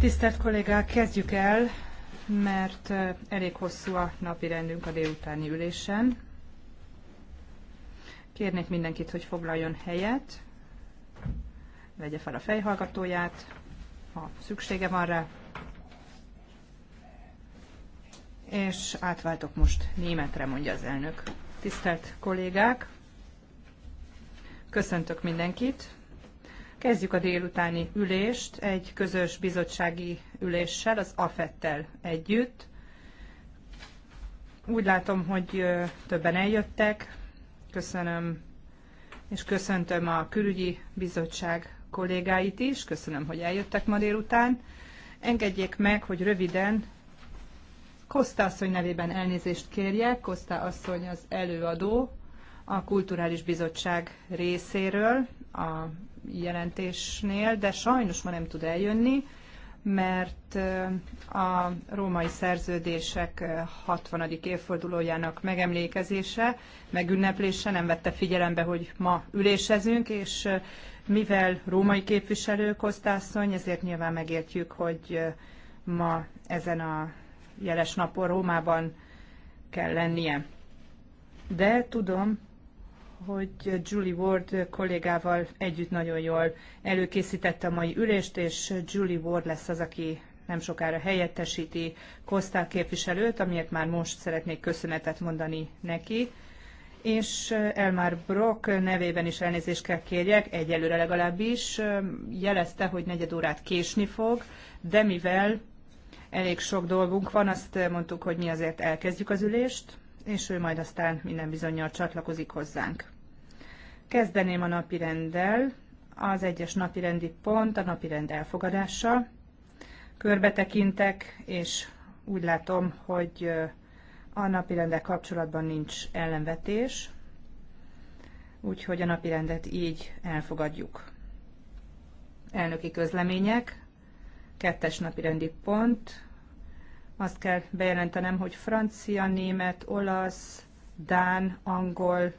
Tisztelt kollégák, kezdjük el, mert elég hosszú a napi rendünk a délutáni ülésen. Kérnék mindenkit, hogy foglaljon helyet, vegye fel a fejhallgatóját, ha szüksége van rá, és átváltok most németre, mondja az elnök. Tisztelt kollégák, köszöntök mindenkit! Kezdjük a délutáni ülést egy közös bizottsági üléssel, az AFET-tel együtt. Úgy látom, hogy többen eljöttek. Köszönöm, és köszöntöm a külügyi bizottság kollégáit is. Köszönöm, hogy eljöttek ma délután. Engedjék meg, hogy röviden Koszta asszony nevében elnézést kérjek. Koszta asszony az előadó a Kulturális Bizottság részéről a jelentésnél, de sajnos ma nem tud eljönni, mert a római szerződések 60. évfordulójának megemlékezése, megünneplése nem vette figyelembe, hogy ma ülésezünk, és mivel római képviselők osztászony, ezért nyilván megértjük, hogy ma ezen a jeles napon Rómában kell lennie. De tudom, hogy Julie Ward kollégával együtt nagyon jól előkészítette a mai ülést, és Julie Ward lesz az, aki nem sokára helyettesíti Kosztál képviselőt, amiért már most szeretnék köszönetet mondani neki. És eh, Elmar Brock nevében is elnézést kell kérjek, egyelőre legalábbis eh, jelezte, hogy negyed órát késni fog, de mivel elég sok dolgunk van, azt eh, mondtuk, hogy mi azért elkezdjük az ülést és ő majd aztán minden bizonyal csatlakozik hozzánk. Kezdeném a napirenddel, az egyes napirendi pont a napirend elfogadása. Körbetekintek, és úgy látom, hogy a napirendel kapcsolatban nincs ellenvetés, úgyhogy a napirendet így elfogadjuk. Elnöki közlemények, kettes napirendi pont, azt kell bejelentenem, hogy francia, német, olasz, dán, angol,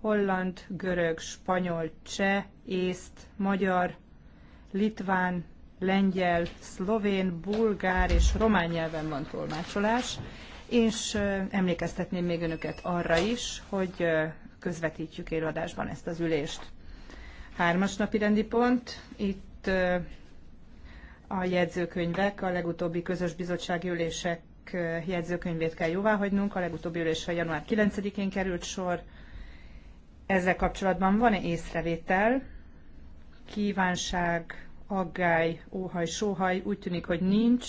holland, görög, spanyol, cseh, észt, magyar, litván, lengyel, szlovén, bulgár és román nyelven van tolmácsolás, és emlékeztetném még önöket arra is, hogy közvetítjük élőadásban ezt az ülést. Hármas napi rendi pont, itt a jegyzőkönyvek, a legutóbbi közös bizottsági ülések eh, jegyzőkönyvét kell jóváhagynunk, a legutóbbi ülésre január 9-én került sor. Ezzel kapcsolatban van-e észrevétel, kívánság, aggály, óhaj, sóhaj? Úgy tűnik, hogy nincs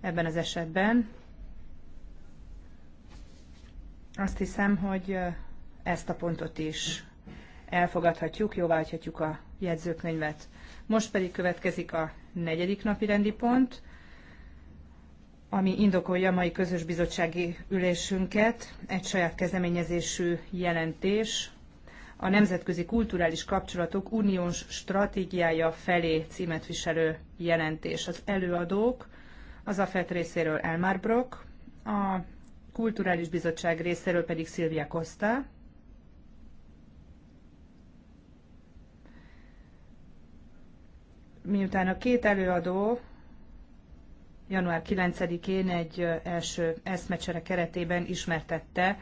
ebben az esetben. Azt hiszem, hogy eh, ezt a pontot is elfogadhatjuk, jóváhagyhatjuk a jegyzőkönyvet. Most pedig következik a negyedik napi rendi pont, ami indokolja a mai közös bizottsági ülésünket, egy saját kezdeményezésű jelentés, a Nemzetközi Kulturális Kapcsolatok Uniós Stratégiája felé címet viselő jelentés. Az előadók az AFET részéről Elmar Brock, a Kulturális Bizottság részéről pedig Szilvia Costa, miután a két előadó január 9-én egy első eszmecsere keretében ismertette,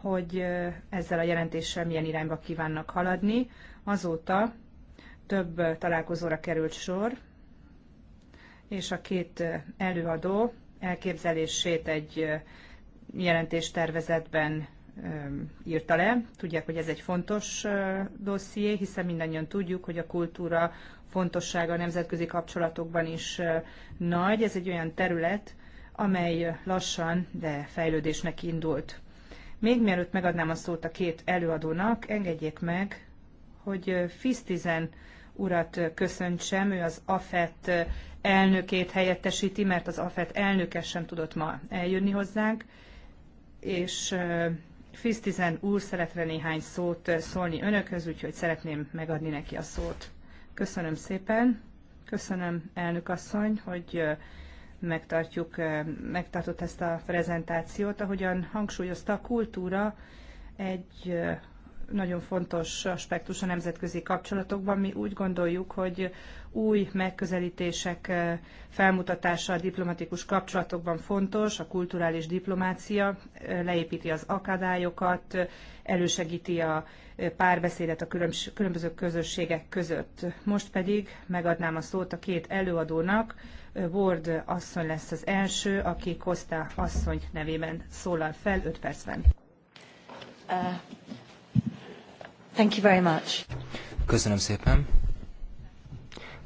hogy ezzel a jelentéssel milyen irányba kívánnak haladni. Azóta több találkozóra került sor, és a két előadó elképzelését egy jelentéstervezetben írta le. Tudják, hogy ez egy fontos dosszié, hiszen mindannyian tudjuk, hogy a kultúra fontossága a nemzetközi kapcsolatokban is nagy. Ez egy olyan terület, amely lassan, de fejlődésnek indult. Még mielőtt megadnám a szót a két előadónak, engedjék meg, hogy Fisztizen urat köszöntsem, ő az AFET elnökét helyettesíti, mert az AFET elnöke sem tudott ma eljönni hozzánk, és Fisztizen úr szeretne néhány szót szólni önökhöz, úgyhogy szeretném megadni neki a szót. Köszönöm szépen. Köszönöm, elnök asszony, hogy megtartjuk, megtartott ezt a prezentációt. Ahogyan hangsúlyozta, a kultúra egy nagyon fontos aspektus a nemzetközi kapcsolatokban. Mi úgy gondoljuk, hogy új megközelítések felmutatása a diplomatikus kapcsolatokban fontos, a kulturális diplomácia leépíti az akadályokat, elősegíti a párbeszédet a különböző közösségek között. Most pedig megadnám a szót a két előadónak. Ward asszony lesz az első, aki Kosta asszony nevében szólal fel 5 percben. Uh, thank you very much. Köszönöm szépen.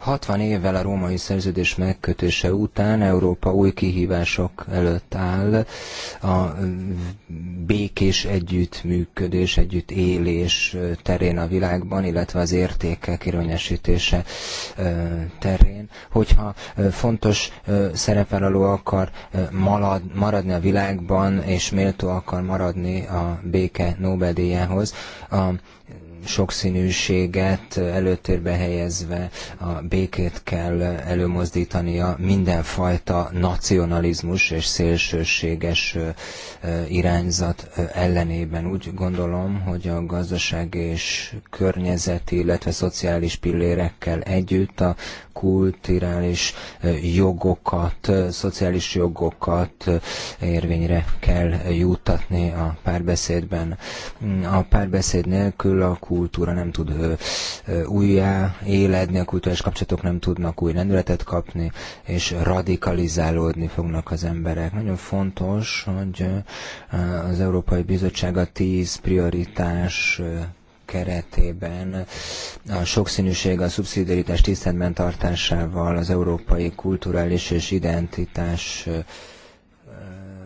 60 évvel a római szerződés megkötése után Európa új kihívások előtt áll. A békés együttműködés, együttélés terén a világban, illetve az értékek irányesítése terén. Hogyha fontos szerepvállaló akar maradni a világban, és méltó akar maradni a béke Nobel-díjához, a sokszínűséget előtérbe helyezve a békét kell előmozdítania mindenfajta nacionalizmus és szélsőséges irányzat ellenében. Úgy gondolom, hogy a gazdaság és környezeti, illetve szociális pillérekkel együtt a kulturális jogokat, szociális jogokat érvényre kell juttatni a párbeszédben. A párbeszéd nélkül a kultúra nem tud újjá éledni, a kulturális kapcsolatok nem tudnak új lendületet kapni, és radikalizálódni fognak az emberek. Nagyon fontos, hogy az Európai Bizottság a tíz prioritás keretében a sokszínűség, a szubszidiaritás tisztetben tartásával az európai kulturális és identitás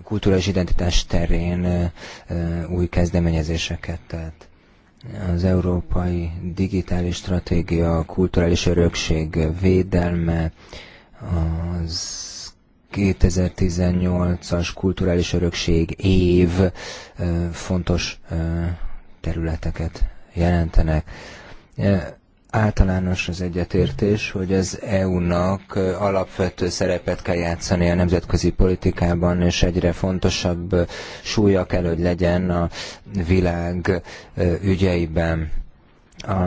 kulturális identitás terén új kezdeményezéseket tett az európai digitális stratégia, a kulturális örökség védelme, az 2018-as kulturális örökség év fontos területeket jelentenek általános az egyetértés, hogy az EU-nak alapvető szerepet kell játszani a nemzetközi politikában, és egyre fontosabb súlya kell, hogy legyen a világ ügyeiben. A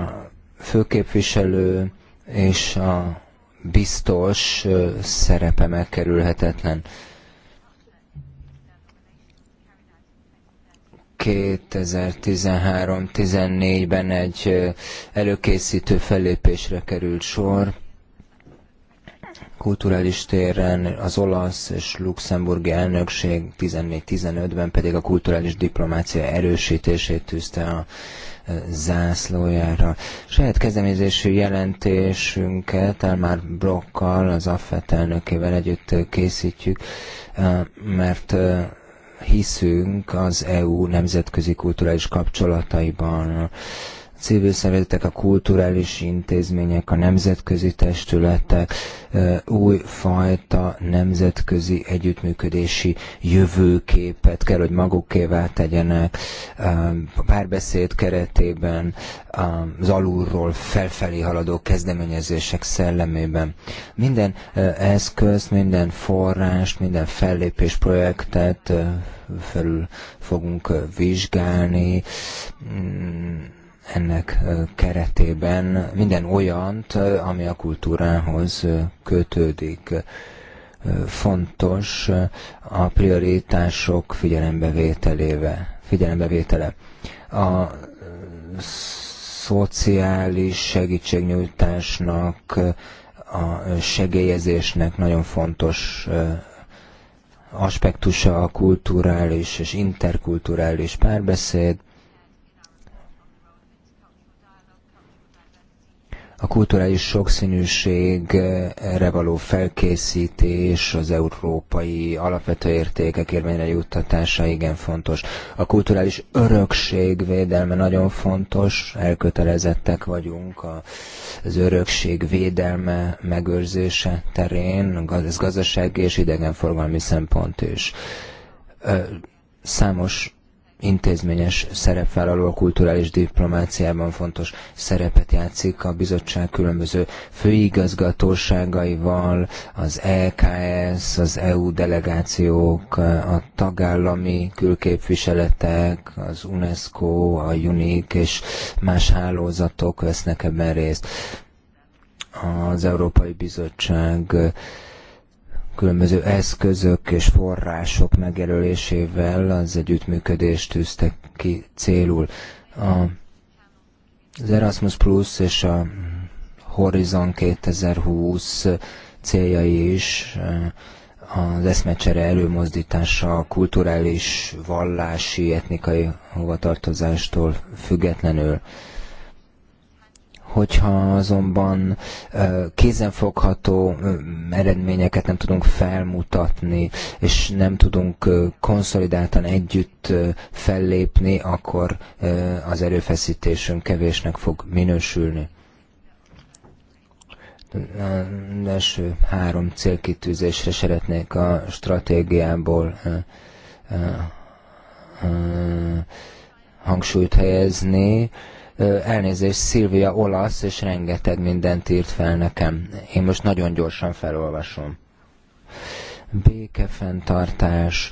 főképviselő és a biztos szerepe megkerülhetetlen. 2013-14-ben egy előkészítő fellépésre került sor. Kulturális téren az olasz és luxemburgi elnökség 14-15-ben pedig a kulturális diplomácia erősítését tűzte a zászlójára. Saját kezdeményezésű jelentésünket el már Brokkal, az AFET elnökével együtt készítjük, mert hiszünk az EU nemzetközi kulturális kapcsolataiban civil szervezetek, a kulturális intézmények, a nemzetközi testületek újfajta nemzetközi együttműködési jövőképet kell, hogy magukévá tegyenek a párbeszéd keretében, az alulról felfelé haladó kezdeményezések szellemében. Minden eszköz, minden forrást, minden fellépés projektet felül fogunk vizsgálni, mm, ennek keretében minden olyant, ami a kultúrához kötődik. Fontos a prioritások figyelembevételével, figyelembevétele. A szociális segítségnyújtásnak, a segélyezésnek nagyon fontos aspektusa a kulturális és interkulturális párbeszéd, a kulturális sokszínűségre eh, való felkészítés, az európai alapvető értékek érvényre juttatása igen fontos. A kulturális örökség védelme nagyon fontos, elkötelezettek vagyunk az örökség védelme, megőrzése terén, ez gazdasági és idegenforgalmi szempont is. Számos intézményes szerepvállaló a kulturális diplomáciában fontos szerepet játszik a bizottság különböző főigazgatóságaival, az EKS, az EU delegációk, a tagállami külképviseletek, az UNESCO, a UNIC és más hálózatok vesznek ebben részt. Az Európai Bizottság különböző eszközök és források megjelölésével az együttműködést tűztek ki célul. A, az Erasmus Plus és a Horizon 2020 céljai is eh, az eszmecsere előmozdítása a kulturális, vallási, etnikai hovatartozástól függetlenül. Hogyha azonban kézenfogható eredményeket nem tudunk felmutatni, és nem tudunk konszolidáltan együtt fellépni, akkor az erőfeszítésünk kevésnek fog minősülni első három célkitűzésre szeretnék a stratégiából hangsúlyt helyezni elnézést, Szilvia olasz, és rengeteg mindent írt fel nekem. Én most nagyon gyorsan felolvasom. Békefenntartás,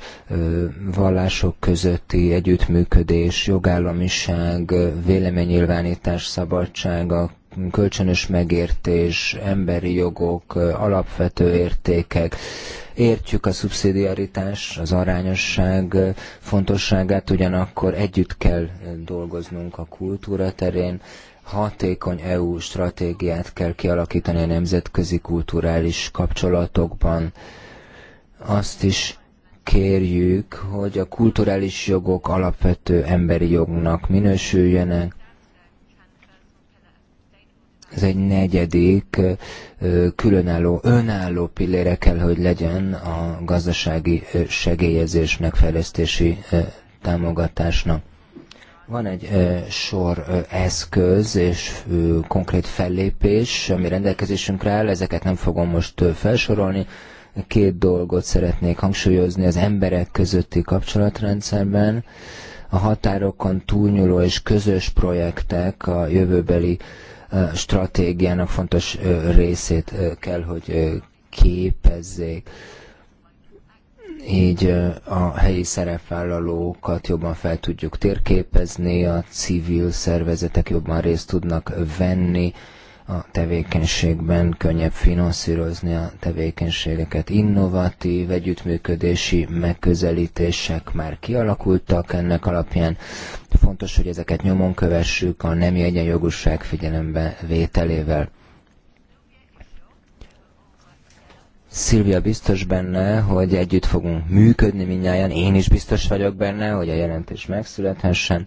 vallások közötti együttműködés, jogállamiság, véleménynyilvánítás szabadsága, kölcsönös megértés, emberi jogok, alapvető értékek, Értjük a szubszidiaritás, az arányosság fontosságát, ugyanakkor együtt kell dolgoznunk a kultúra terén, hatékony EU stratégiát kell kialakítani a nemzetközi kulturális kapcsolatokban. Azt is kérjük, hogy a kulturális jogok alapvető emberi jognak minősüljenek, ez egy negyedik különálló, önálló pillére kell, hogy legyen a gazdasági segélyezésnek, fejlesztési támogatásnak. Van egy sor eszköz és konkrét fellépés, ami rendelkezésünkre áll, ezeket nem fogom most felsorolni. Két dolgot szeretnék hangsúlyozni az emberek közötti kapcsolatrendszerben. A határokon túlnyúló és közös projektek a jövőbeli stratégiának fontos részét kell, hogy képezzék így a helyi szerepvállalókat jobban fel tudjuk térképezni, a civil szervezetek jobban részt tudnak venni a tevékenységben, könnyebb finanszírozni a tevékenységeket. Innovatív együttműködési megközelítések már kialakultak ennek alapján. Fontos, hogy ezeket nyomon kövessük a nemi egyenjogúság figyelembe vételével. Szilvia biztos benne, hogy együtt fogunk működni minnyáján, én is biztos vagyok benne, hogy a jelentés megszülethessen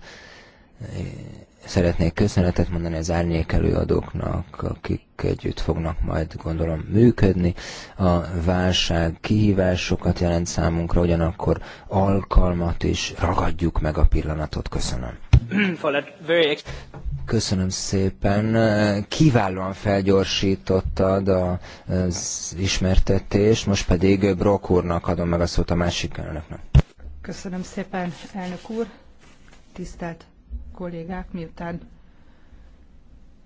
szeretnék köszönetet mondani az árnyék előadóknak, akik együtt fognak majd gondolom működni. A válság kihívásokat jelent számunkra, ugyanakkor alkalmat is ragadjuk meg a pillanatot. Köszönöm. Köszönöm szépen. Kiválóan felgyorsítottad az ismertetést, most pedig Brock úrnak adom meg a szót a másik elnöknek. Köszönöm szépen, elnök úr. Tisztelt kollégák, miután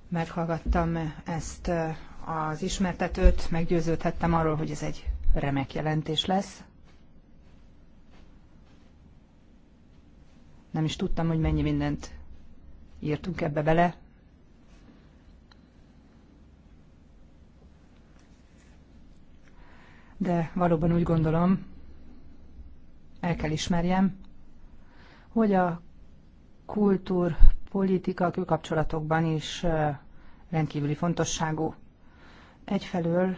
meghallgattam ezt az ismertetőt, meggyőződhettem arról, hogy ez egy remek jelentés lesz. Nem is tudtam, hogy mennyi mindent írtunk ebbe bele. De valóban úgy gondolom, el kell ismerjem, hogy a kultúrpolitika külkapcsolatokban is rendkívüli fontosságú. Egyfelől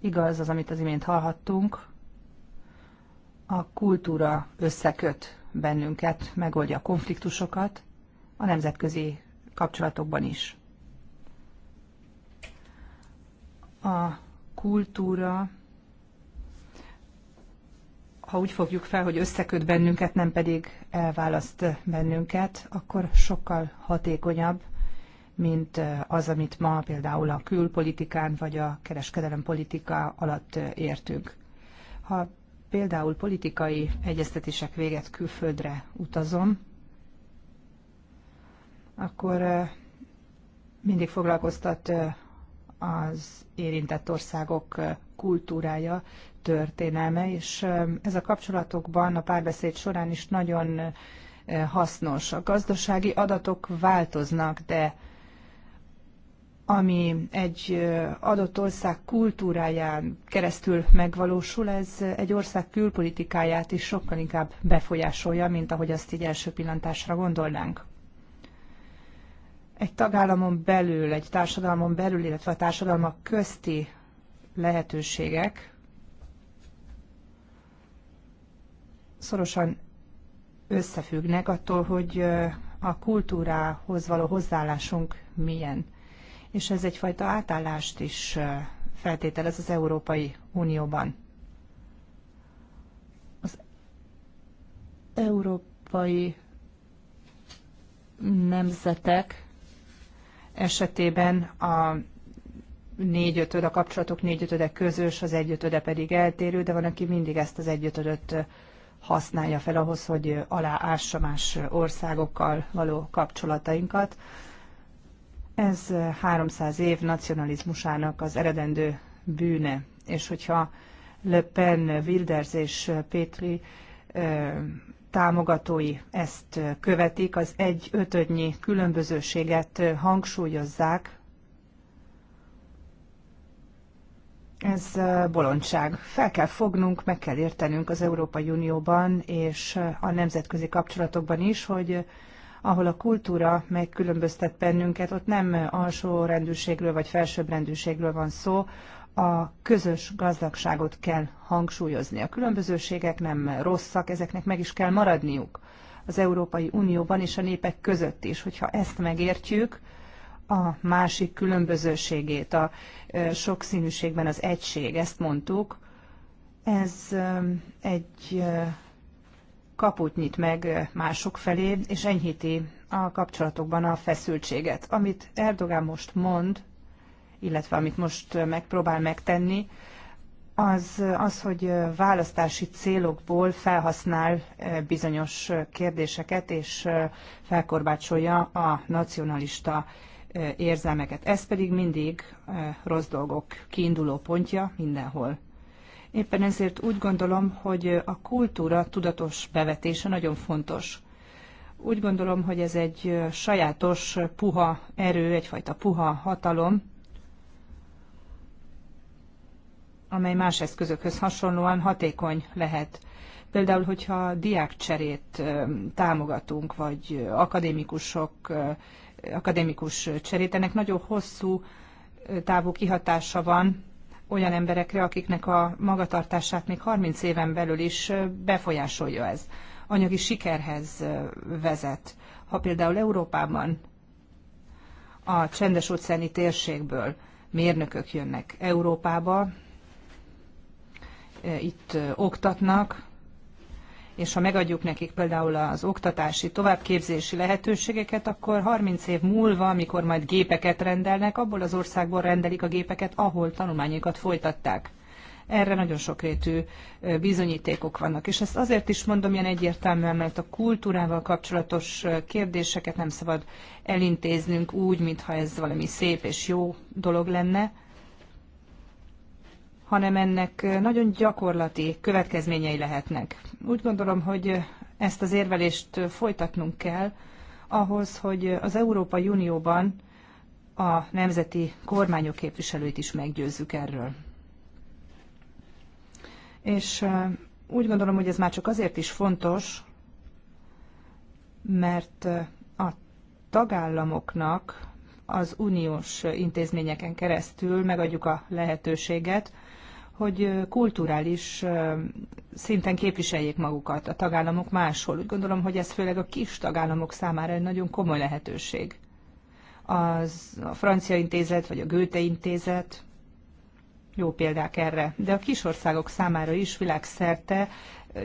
igaz az, amit az imént hallhattunk, a kultúra összeköt bennünket, megoldja a konfliktusokat a nemzetközi kapcsolatokban is. A kultúra ha úgy fogjuk fel, hogy összeköt bennünket, nem pedig elválaszt bennünket, akkor sokkal hatékonyabb, mint az, amit ma például a külpolitikán vagy a kereskedelempolitika alatt értünk. Ha például politikai egyeztetések véget külföldre utazom, akkor mindig foglalkoztat az érintett országok kultúrája, történelme, és ez a kapcsolatokban a párbeszéd során is nagyon hasznos. A gazdasági adatok változnak, de ami egy adott ország kultúráján keresztül megvalósul, ez egy ország külpolitikáját is sokkal inkább befolyásolja, mint ahogy azt így első pillantásra gondolnánk egy tagállamon belül, egy társadalmon belül, illetve a társadalmak közti lehetőségek szorosan összefüggnek attól, hogy a kultúrához való hozzáállásunk milyen. És ez egyfajta átállást is feltételez az Európai Unióban. Az európai nemzetek esetében a négyötöd, a kapcsolatok négyötöde közös, az egyötöde pedig eltérő, de van, aki mindig ezt az egyötödöt használja fel ahhoz, hogy aláássa más országokkal való kapcsolatainkat. Ez 300 év nacionalizmusának az eredendő bűne, és hogyha Le Pen, Wilders és Pétri támogatói ezt követik, az egy ötödnyi különbözőséget hangsúlyozzák. Ez bolondság. Fel kell fognunk, meg kell értenünk az Európai Unióban és a nemzetközi kapcsolatokban is, hogy ahol a kultúra megkülönböztet bennünket, ott nem alsó rendűségről vagy felsőbb rendűségről van szó, a közös gazdagságot kell hangsúlyozni. A különbözőségek nem rosszak, ezeknek meg is kell maradniuk az Európai Unióban és a népek között is. Hogyha ezt megértjük, a másik különbözőségét, a e, sokszínűségben az egység, ezt mondtuk, ez e, egy e, kaput nyit meg mások felé, és enyhíti a kapcsolatokban a feszültséget. Amit Erdogán most mond, illetve amit most megpróbál megtenni, az, az, hogy választási célokból felhasznál eh, bizonyos kérdéseket, és eh, felkorbácsolja a nacionalista eh, érzelmeket. Ez pedig mindig rossz dolgok kiinduló pontja mindenhol. Éppen ezért úgy gondolom, hogy a kultúra tudatos bevetése nagyon fontos. Úgy gondolom, hogy ez egy sajátos puha erő, egyfajta puha hatalom, amely más eszközökhöz hasonlóan hatékony lehet. Például, hogyha diákcserét támogatunk, vagy akadémikusok, akadémikus cserét, ennek nagyon hosszú távú kihatása van olyan emberekre, akiknek a magatartását még 30 éven belül is befolyásolja ez. Anyagi sikerhez vezet. Ha például Európában a csendes óceáni térségből mérnökök jönnek Európába, Eh, itt eh, oktatnak, és ha megadjuk nekik például az oktatási, továbbképzési lehetőségeket, akkor 30 év múlva, amikor majd gépeket rendelnek, abból az országból rendelik a gépeket, ahol tanulmányokat folytatták. Erre nagyon sokrétű eh, bizonyítékok vannak. És ezt azért is mondom ilyen egyértelműen, mert a kultúrával kapcsolatos kérdéseket nem szabad elintéznünk úgy, mintha ez valami szép és jó dolog lenne, hanem ennek nagyon gyakorlati következményei lehetnek. Úgy gondolom, hogy ezt az érvelést folytatnunk kell ahhoz, hogy az Európai Unióban a nemzeti kormányok képviselőit is meggyőzzük erről. És úgy gondolom, hogy ez már csak azért is fontos, mert a tagállamoknak az uniós intézményeken keresztül megadjuk a lehetőséget, hogy kulturális szinten képviseljék magukat a tagállamok máshol. Úgy gondolom, hogy ez főleg a kis tagállamok számára egy nagyon komoly lehetőség. Az, a Francia Intézet vagy a Goethe Intézet jó példák erre, de a kis országok számára is világszerte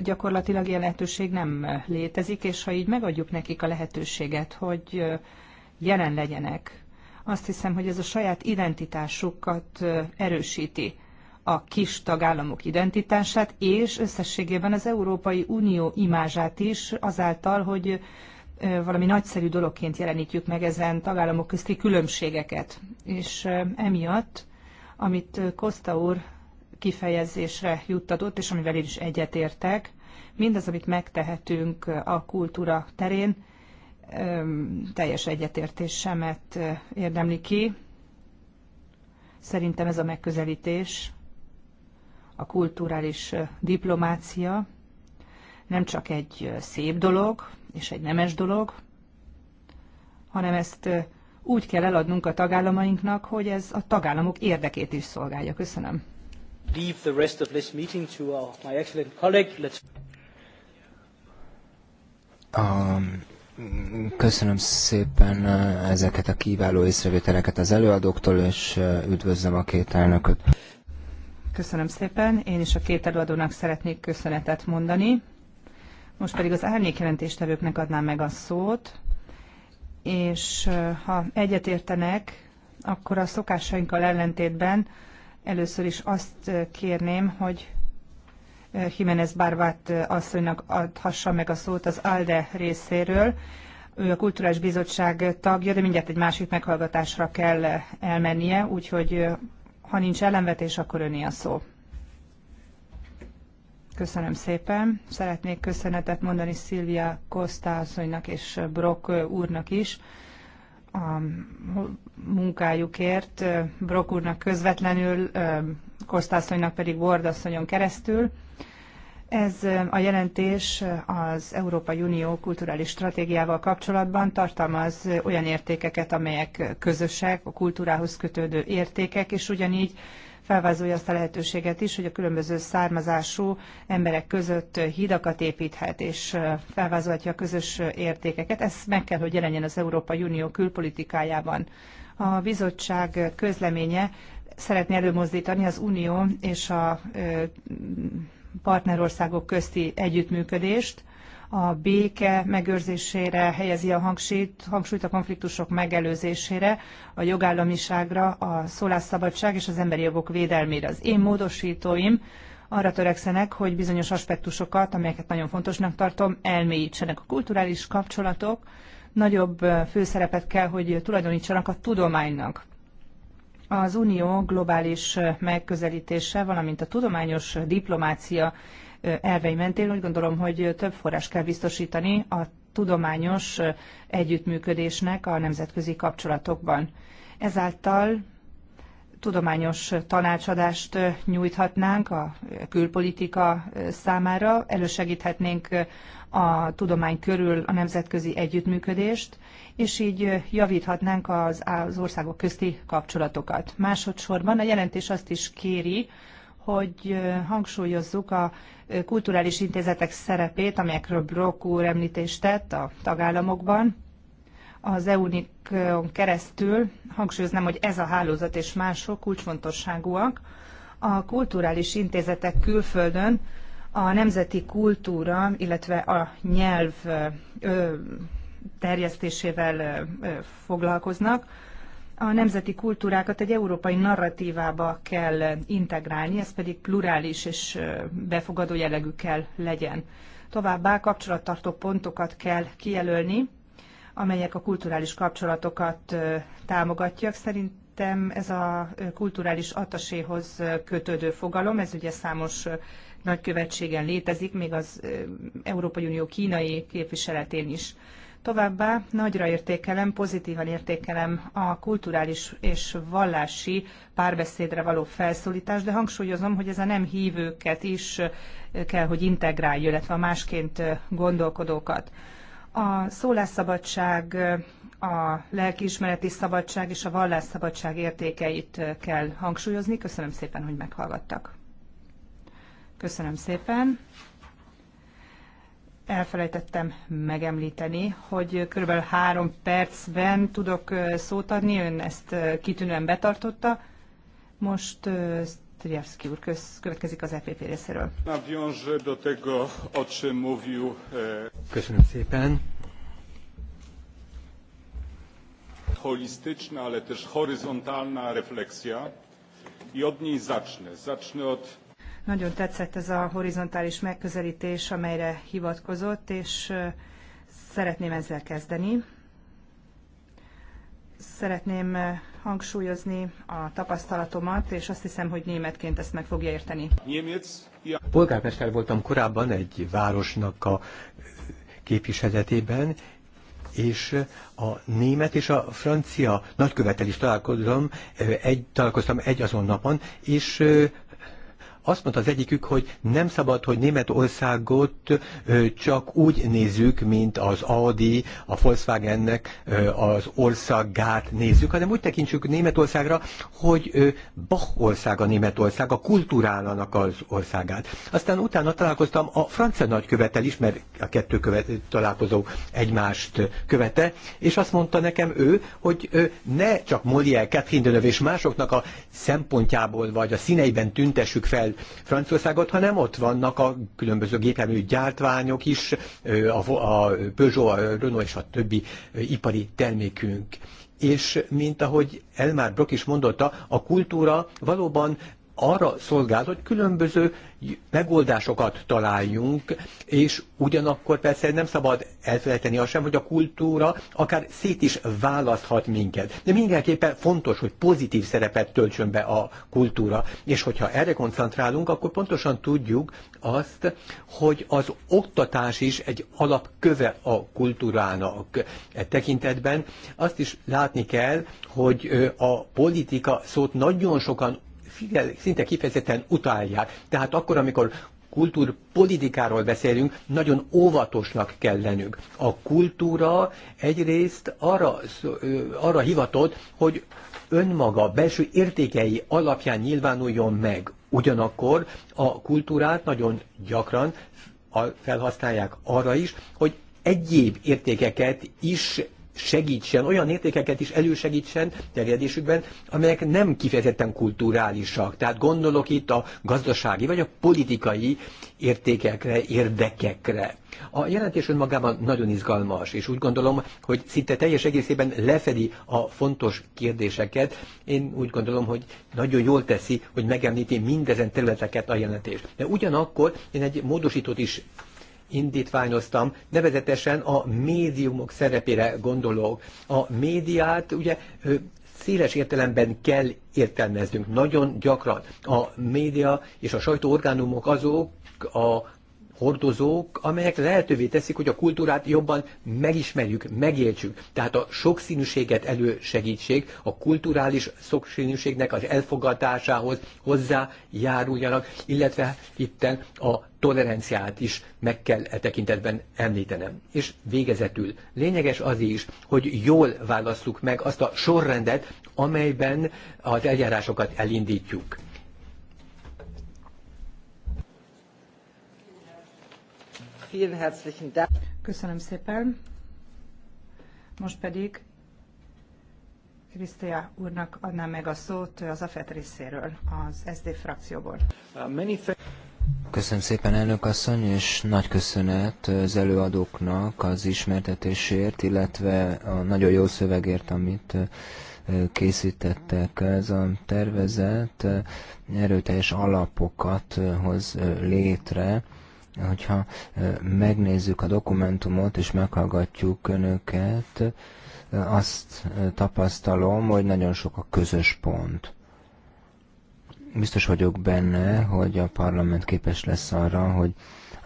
gyakorlatilag ilyen lehetőség nem létezik, és ha így megadjuk nekik a lehetőséget, hogy jelen legyenek, azt hiszem, hogy ez a saját identitásukat erősíti a kis tagállamok identitását, és összességében az Európai Unió imázsát is azáltal, hogy valami nagyszerű dologként jelenítjük meg ezen tagállamok közti különbségeket. És emiatt, amit Kosta úr kifejezésre juttatott, és amivel én is egyetértek, mindaz, amit megtehetünk a kultúra terén, teljes egyetértésemet érdemli ki. Szerintem ez a megközelítés a kulturális diplomácia nem csak egy szép dolog és egy nemes dolog, hanem ezt úgy kell eladnunk a tagállamainknak, hogy ez a tagállamok érdekét is szolgálja. Köszönöm. Leave the rest of this meeting to our, my excellent colleague. Let's... Um, köszönöm szépen ezeket a kiváló észrevételeket az előadóktól, és üdvözlöm a két elnököt. Köszönöm szépen. Én is a két előadónak szeretnék köszönetet mondani. Most pedig az árnyékjelentéstevőknek adnám meg a szót, és ha egyetértenek, akkor a szokásainkkal ellentétben először is azt kérném, hogy Jiménez Bárvát asszonynak adhassa meg a szót az ALDE részéről. Ő a Kulturális Bizottság tagja, de mindjárt egy másik meghallgatásra kell elmennie, úgyhogy ha nincs ellenvetés, akkor öné a szó. Köszönöm szépen. Szeretnék köszönetet mondani Szilvia Kosztászonynak és Brok úrnak is a munkájukért. Brok úrnak közvetlenül, Kosztászonynak pedig Bordasszonyon keresztül. Ez a jelentés az Európai Unió kulturális stratégiával kapcsolatban tartalmaz olyan értékeket, amelyek közösek, a kultúrához kötődő értékek, és ugyanígy felvázolja azt a lehetőséget is, hogy a különböző származású emberek között hidakat építhet, és felvázolhatja a közös értékeket. Ez meg kell, hogy jelenjen az Európai Unió külpolitikájában. A bizottság közleménye szeretné előmozdítani az Unió és a partnerországok közti együttműködést, a béke megőrzésére helyezi a hangsúlyt, hangsúlyt a konfliktusok megelőzésére, a jogállamiságra, a szólásszabadság és az emberi jogok védelmére. Az én módosítóim arra törekszenek, hogy bizonyos aspektusokat, amelyeket nagyon fontosnak tartom, elmélyítsenek. A kulturális kapcsolatok nagyobb főszerepet kell, hogy tulajdonítsanak a tudománynak. Az unió globális megközelítése, valamint a tudományos diplomácia elvei mentén úgy gondolom, hogy több forrás kell biztosítani a tudományos együttműködésnek a nemzetközi kapcsolatokban. Ezáltal tudományos tanácsadást nyújthatnánk a külpolitika számára, elősegíthetnénk a tudomány körül a nemzetközi együttműködést, és így javíthatnánk az, az országok közti kapcsolatokat. Másodszorban a jelentés azt is kéri, hogy hangsúlyozzuk a kulturális intézetek szerepét, amelyekről Brock úr említést tett a tagállamokban. Az EU-nikon keresztül hangsúlyoznám, hogy ez a hálózat és mások kulcsfontosságúak. A kulturális intézetek külföldön a nemzeti kultúra, illetve a nyelv ö, terjesztésével foglalkoznak. A nemzeti kultúrákat egy európai narratívába kell integrálni, ez pedig plurális és befogadó jellegű kell legyen. Továbbá kapcsolattartó pontokat kell kijelölni, amelyek a kulturális kapcsolatokat támogatják. Szerintem ez a kulturális ataséhoz kötődő fogalom, ez ugye számos nagykövetségen létezik, még az Európai Unió kínai képviseletén is. Továbbá nagyra értékelem, pozitívan értékelem a kulturális és vallási párbeszédre való felszólítást, de hangsúlyozom, hogy ez a nem hívőket is kell, hogy integrálja, illetve a másként gondolkodókat. A szólásszabadság, a lelkiismereti szabadság és a vallásszabadság értékeit kell hangsúlyozni. Köszönöm szépen, hogy meghallgattak. Köszönöm szépen elfelejtettem megemlíteni, hogy körülbelül három percben tudok szót adni, ön ezt kitűnően betartotta. Most Triavski úr köz, következik az EPP részéről. E, Köszönöm szépen. Holisztikus, de też horizontális reflexia. i od niej zacznę. Zacznę od nagyon tetszett ez a horizontális megközelítés, amelyre hivatkozott, és szeretném ezzel kezdeni. Szeretném hangsúlyozni a tapasztalatomat, és azt hiszem, hogy németként ezt meg fogja érteni. Polgármester voltam korábban egy városnak a képviseletében, és a német és a francia nagykövetel is találkozom, egy, találkoztam egy azon napon, és azt mondta az egyikük, hogy nem szabad, hogy Németországot csak úgy nézzük, mint az Audi, a Volkswagennek az országát nézzük, hanem úgy tekintsük Németországra, hogy Bach országa Németország, a kultúrának az országát. Aztán utána találkoztam a francia nagykövetel is, mert a kettő követ, találkozó egymást követe, és azt mondta nekem ő, hogy ne csak Molière, Catherine Deneuve és másoknak a szempontjából vagy a színeiben tüntessük fel Franciaországot, hanem ott vannak a különböző gépjármű gyártványok is, a Peugeot, a Renault és a többi ipari termékünk és mint ahogy Elmar Brock is mondotta, a kultúra valóban arra szolgál, hogy különböző megoldásokat találjunk, és ugyanakkor persze nem szabad elfelejteni azt sem, hogy a kultúra akár szét is választhat minket. De mindenképpen fontos, hogy pozitív szerepet töltsön be a kultúra, és hogyha erre koncentrálunk, akkor pontosan tudjuk azt, hogy az oktatás is egy alapköve a kultúrának. E tekintetben azt is látni kell, hogy a politika szót nagyon sokan figyel, szinte kifejezetten utálják. Tehát akkor, amikor kultúrpolitikáról beszélünk, nagyon óvatosnak kell lennünk. A kultúra egyrészt arra, arra hivatott, hogy önmaga belső értékei alapján nyilvánuljon meg. Ugyanakkor a kultúrát nagyon gyakran felhasználják arra is, hogy egyéb értékeket is segítsen, olyan értékeket is elősegítsen terjedésükben, amelyek nem kifejezetten kulturálisak. Tehát gondolok itt a gazdasági vagy a politikai értékekre, érdekekre. A jelentés önmagában nagyon izgalmas, és úgy gondolom, hogy szinte teljes egészében lefedi a fontos kérdéseket. Én úgy gondolom, hogy nagyon jól teszi, hogy megemlíti mindezen területeket a jelentés. De ugyanakkor én egy módosítót is indítványoztam, nevezetesen a médiumok szerepére gondolok. A médiát ugye széles értelemben kell értelmeznünk. Nagyon gyakran a média és a sajtóorgánumok azok, a hordozók, amelyek lehetővé teszik, hogy a kultúrát jobban megismerjük, megértsük. Tehát a sokszínűséget elősegítség, a kulturális sokszínűségnek az elfogadásához hozzájáruljanak, illetve itten a toleranciát is meg kell e tekintetben említenem. És végezetül lényeges az is, hogy jól válasszuk meg azt a sorrendet, amelyben az eljárásokat elindítjuk. Vielen herzlichen Dank. Köszönöm szépen. Most pedig Krisztia úrnak adnám meg a szót az AFET részéről, az SD frakcióból. Köszönöm szépen, elnök asszony, és nagy köszönet az előadóknak az ismertetésért, illetve a nagyon jó szövegért, amit készítettek. Ez a tervezet erőteljes alapokat hoz létre, Hogyha megnézzük a dokumentumot és meghallgatjuk önöket, azt tapasztalom, hogy nagyon sok a közös pont. Biztos vagyok benne, hogy a parlament képes lesz arra, hogy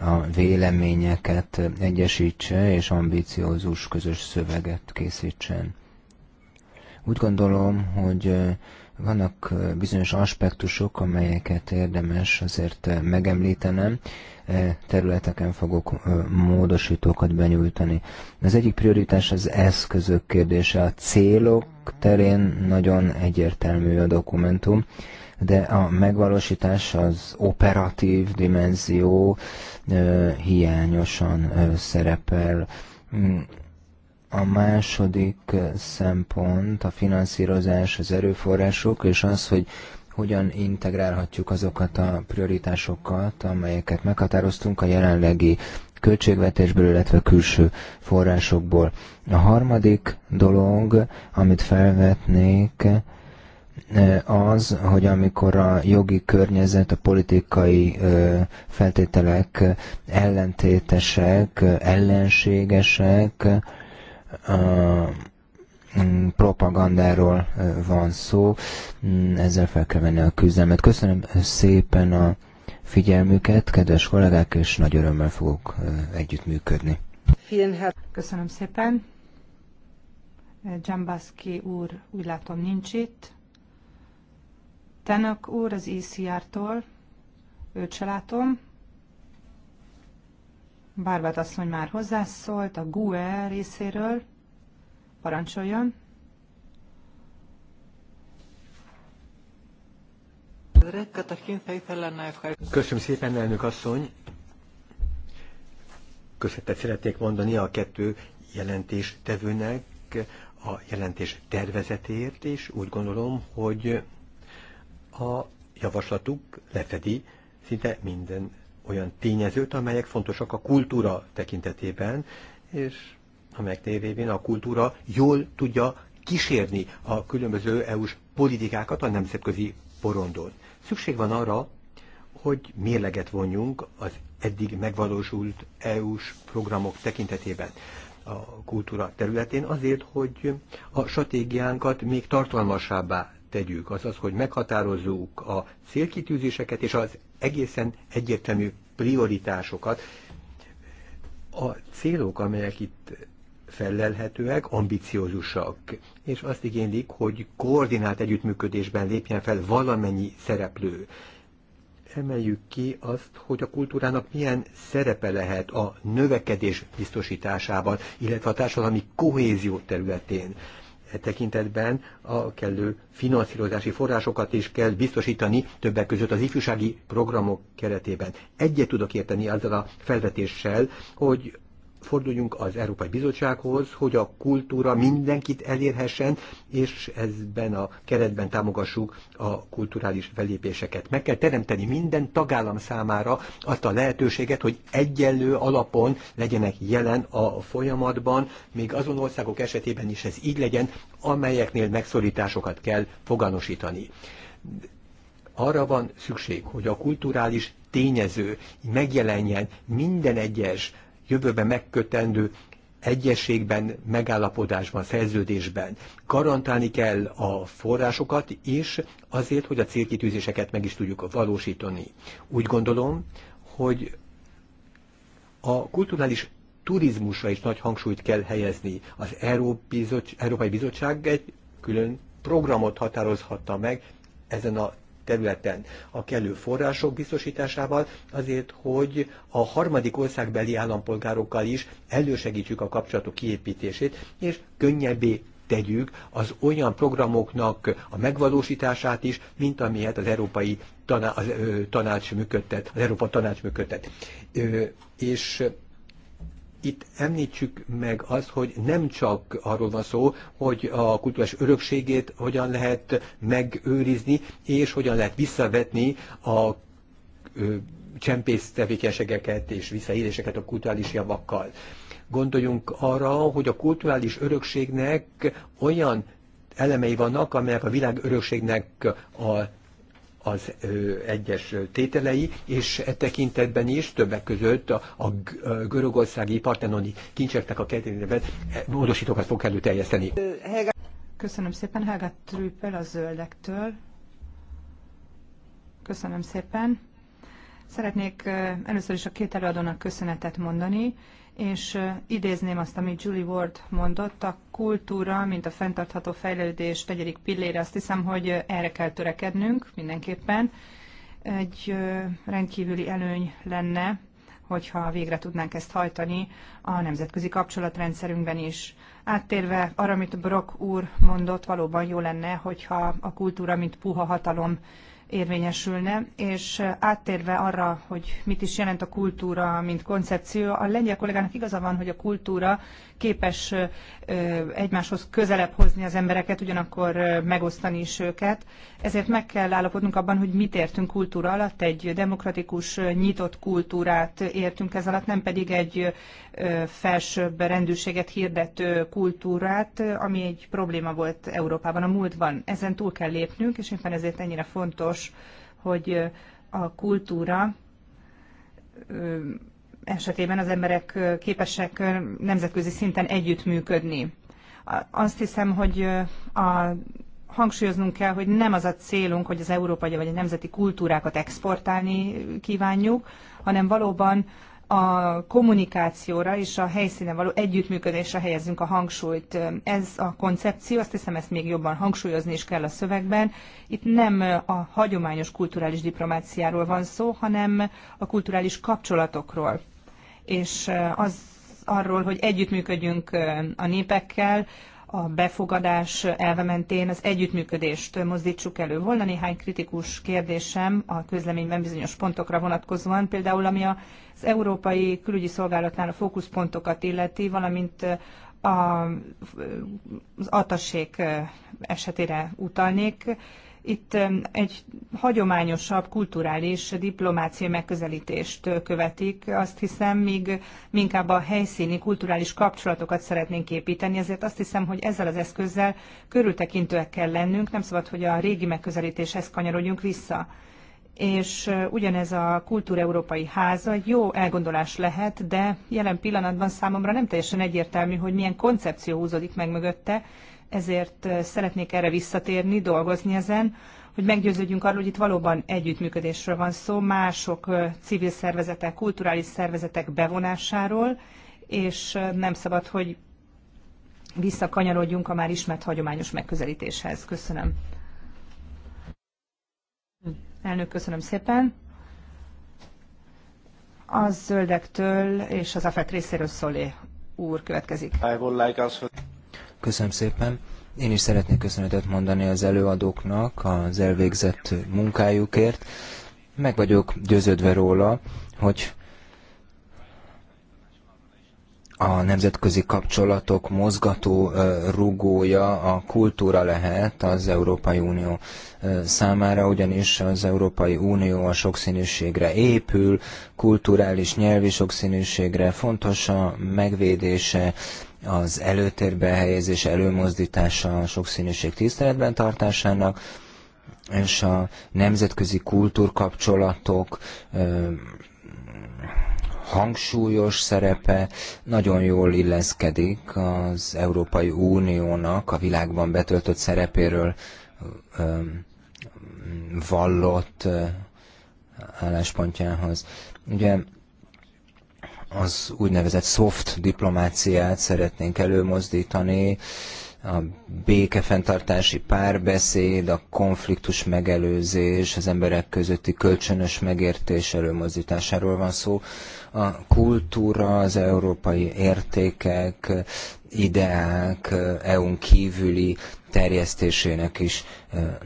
a véleményeket egyesítse és ambiciózus közös szöveget készítsen. Úgy gondolom, hogy vannak bizonyos aspektusok, amelyeket érdemes azért megemlítenem. Területeken fogok módosítókat benyújtani. Az egyik prioritás az eszközök kérdése. A célok terén nagyon egyértelmű a dokumentum, de a megvalósítás az operatív dimenzió hiányosan szerepel mm, a második eh, szempont a finanszírozás, az erőforrások, és az, hogy hogyan integrálhatjuk azokat a prioritásokat, amelyeket meghatároztunk a jelenlegi költségvetésből, illetve külső forrásokból. A harmadik dolog, amit felvetnék, eh, az, hogy amikor a jogi környezet, a politikai eh, feltételek ellentétesek, ellenségesek, Mm, propagandáról van szó, mm, ezzel fel kell venni a küzdelmet. Köszönöm szépen a figyelmüket, kedves kollégák, és nagy örömmel fogok együttműködni. Köszönöm szépen. Dzsambaszki úr úgy látom nincs itt. Tenök úr az ICR-tól, e őt se látom. Bárbát asszony már hozzászólt a GUE részéről. Parancsoljon. Köszönöm szépen, elnök asszony. Köszönetet szeretnék mondani a kettő jelentés tevőnek a jelentés tervezetért, és úgy gondolom, hogy a javaslatuk lefedi szinte minden olyan tényezőt, amelyek fontosak a kultúra tekintetében, és amelyek tévében a kultúra jól tudja kísérni a különböző EU-s politikákat a nemzetközi porondon. Szükség van arra, hogy mérleget vonjunk az eddig megvalósult EU-s programok tekintetében a kultúra területén azért, hogy a stratégiánkat még tartalmasabbá tegyük, azaz, hogy meghatározzuk a célkitűzéseket és az egészen egyértelmű prioritásokat. A célok, amelyek itt felelhetőek, ambiciózusak, és azt igénylik, hogy koordinált együttműködésben lépjen fel valamennyi szereplő. Emeljük ki azt, hogy a kultúrának milyen szerepe lehet a növekedés biztosításában, illetve a társadalmi kohézió területén e tekintetben a kellő finanszírozási forrásokat is kell biztosítani többek között az ifjúsági programok keretében. Egyet tudok érteni azzal a felvetéssel, hogy forduljunk az Európai Bizottsághoz, hogy a kultúra mindenkit elérhessen, és ezben a keretben támogassuk a kulturális felépéseket. Meg kell teremteni minden tagállam számára azt a lehetőséget, hogy egyenlő alapon legyenek jelen a folyamatban, még azon országok esetében is ez így legyen, amelyeknél megszorításokat kell foganosítani arra van szükség, hogy a kulturális tényező megjelenjen minden egyes jövőben megkötendő egyességben, megállapodásban, szerződésben. Garantálni kell a forrásokat is azért, hogy a célkitűzéseket meg is tudjuk valósítani. Úgy gondolom, hogy a kulturális turizmusra is nagy hangsúlyt kell helyezni. Az Európai Bizottság egy külön programot határozhatta meg ezen a területen a kellő források biztosításával, azért, hogy a harmadik országbeli állampolgárokkal is elősegítjük a kapcsolatok kiépítését, és könnyebbé tegyük az olyan programoknak a megvalósítását is, mint amilyet az Európai Tanács működtet, az Európa Tanács működtet. és itt említsük meg azt, hogy nem csak arról van szó, hogy a kulturális örökségét hogyan lehet megőrizni, és hogyan lehet visszavetni a csempész tevékenységeket és visszaéléseket a kulturális javakkal. Gondoljunk arra, hogy a kulturális örökségnek olyan elemei vannak, amelyek a világ örökségnek a az egyes tételei, és e tekintetben is többek között a, a görögországi partenoni kincseknek a keretében e, módosítókat fog előteljeszteni. Köszönöm szépen Helga Trüppel a zöldektől. Köszönöm szépen. Szeretnék először is a két előadónak köszönetet mondani, és idézném azt, amit Julie Ward mondott, a kultúra, mint a fenntartható fejlődés negyedik pillére, azt hiszem, hogy erre kell törekednünk mindenképpen. Egy rendkívüli előny lenne, hogyha végre tudnánk ezt hajtani a nemzetközi kapcsolatrendszerünkben is. Áttérve arra, amit Brock úr mondott, valóban jó lenne, hogyha a kultúra, mint puha hatalom érvényesülne, és áttérve arra, hogy mit is jelent a kultúra, mint koncepció, a lengyel kollégának igaza van, hogy a kultúra képes egymáshoz közelebb hozni az embereket, ugyanakkor megosztani is őket. Ezért meg kell állapodnunk abban, hogy mit értünk kultúra alatt, egy demokratikus, nyitott kultúrát értünk ez alatt, nem pedig egy felsőbb rendűséget hirdető kultúrát, ami egy probléma volt Európában a múltban. Ezen túl kell lépnünk, és éppen ezért ennyire fontos, hogy a kultúra esetében az emberek képesek nemzetközi szinten együttműködni. Azt hiszem, hogy a hangsúlyoznunk kell, hogy nem az a célunk, hogy az európai vagy a nemzeti kultúrákat exportálni kívánjuk, hanem valóban a kommunikációra és a helyszínen való együttműködésre helyezzünk a hangsúlyt. Ez a koncepció, azt hiszem ezt még jobban hangsúlyozni is kell a szövegben. Itt nem a hagyományos kulturális diplomáciáról van szó, hanem a kulturális kapcsolatokról. És eh, az arról, hogy együttműködjünk eh, a népekkel, a befogadás elve mentén az együttműködést mozdítsuk elő. Volna néhány kritikus kérdésem a közleményben bizonyos pontokra vonatkozóan, például ami az Európai Külügyi Szolgálatnál a fókuszpontokat illeti, valamint az atasék esetére utalnék. Itt egy hagyományosabb, kulturális diplomácia megközelítést követik. Azt hiszem, míg inkább a helyszíni kulturális kapcsolatokat szeretnénk építeni, ezért azt hiszem, hogy ezzel az eszközzel körültekintőek kell lennünk, nem szabad, hogy a régi megközelítéshez kanyarodjunk vissza és ugyanez a Kultúra Európai Háza jó elgondolás lehet, de jelen pillanatban számomra nem teljesen egyértelmű, hogy milyen koncepció húzódik meg mögötte, ezért szeretnék erre visszatérni, dolgozni ezen, hogy meggyőződjünk arról, hogy itt valóban együttműködésről van szó, mások civil szervezetek, kulturális szervezetek bevonásáról, és nem szabad, hogy visszakanyarodjunk a már ismert hagyományos megközelítéshez. Köszönöm. Elnök, köszönöm szépen. A zöldektől és az AFET részéről szólé úr következik. Köszönöm szépen. Én is szeretnék köszönetet mondani az előadóknak az elvégzett munkájukért. Meg vagyok győződve róla, hogy a nemzetközi kapcsolatok mozgató rugója a kultúra lehet az Európai Unió számára, ugyanis az Európai Unió a sokszínűségre épül, kulturális nyelvi sokszínűségre fontos a megvédése, az előtérbe helyezés, előmozdítása a sokszínűség tiszteletben tartásának, és a nemzetközi kultúrkapcsolatok hangsúlyos szerepe nagyon jól illeszkedik az Európai Uniónak a világban betöltött szerepéről vallott álláspontjához. Ugye az úgynevezett soft diplomáciát szeretnénk előmozdítani, a békefenntartási párbeszéd, a konfliktus megelőzés, az emberek közötti kölcsönös megértés előmozdításáról van szó. A kultúra, az európai értékek, ideák, EU-n kívüli terjesztésének is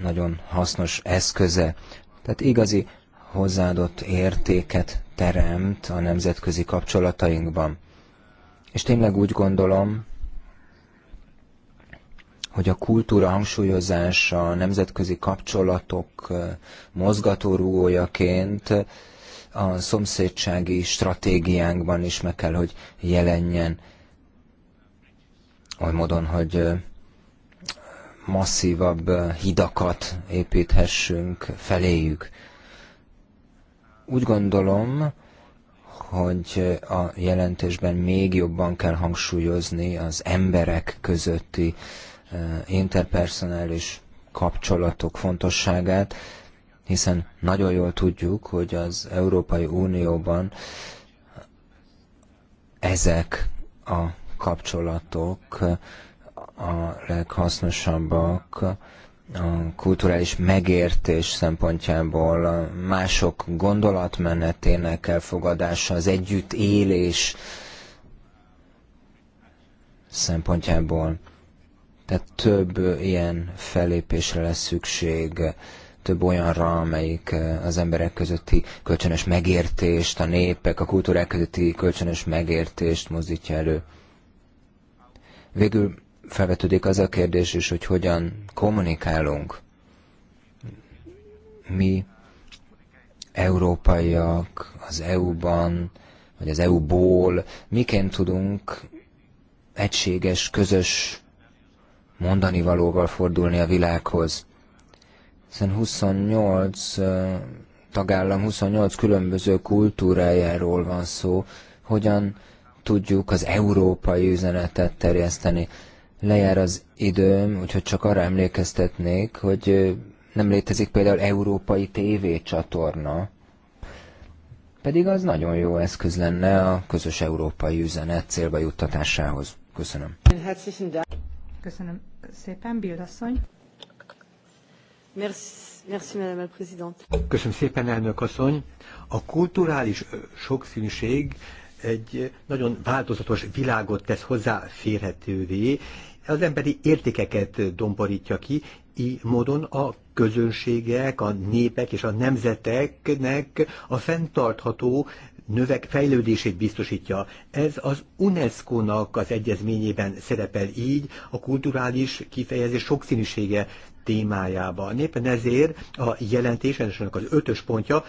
nagyon hasznos eszköze. Tehát igazi hozzáadott értéket teremt a nemzetközi kapcsolatainkban. És tényleg úgy gondolom, hogy a kultúra hangsúlyozása a nemzetközi kapcsolatok mozgatórugójaként a szomszédsági stratégiánkban is meg kell, hogy jelenjen. Oly módon, hogy masszívabb hidakat építhessünk feléjük. Úgy gondolom, hogy a jelentésben még jobban kell hangsúlyozni az emberek közötti e, interpersonális kapcsolatok fontosságát, hiszen nagyon jól tudjuk, hogy az Európai Unióban ezek a kapcsolatok a leghasznosabbak, a kulturális megértés szempontjából a mások gondolatmenetének elfogadása, az együttélés szempontjából. Tehát több ilyen fellépésre lesz szükség, több olyanra, amelyik eh, az emberek közötti kölcsönös megértést, a népek, a kultúrák közötti kölcsönös megértést mozdítja elő. Végül felvetődik az a kérdés is, hogy hogyan kommunikálunk mi európaiak az EU-ban, vagy az EU-ból, miként tudunk egységes, közös mondani valóval fordulni a világhoz. Hiszen 28 tagállam, 28 különböző kultúrájáról van szó, hogyan tudjuk az európai üzenetet terjeszteni lejár az időm, úgyhogy csak arra emlékeztetnék, hogy nem létezik például európai tévécsatorna, pedig az nagyon jó eszköz lenne a közös európai üzenet célba juttatásához. Köszönöm. Köszönöm szépen, Bildasszony. Köszönöm szépen, elnök asszony. A kulturális sokszínűség egy nagyon változatos világot tesz hozzáférhetővé, az emberi értékeket domborítja ki, így módon a közönségek, a népek és a nemzeteknek a fenntartható növek fejlődését biztosítja. Ez az UNESCO-nak az egyezményében szerepel így a kulturális kifejezés sokszínűsége témájában. Éppen ezért a jelentés, ennek az ötös pontja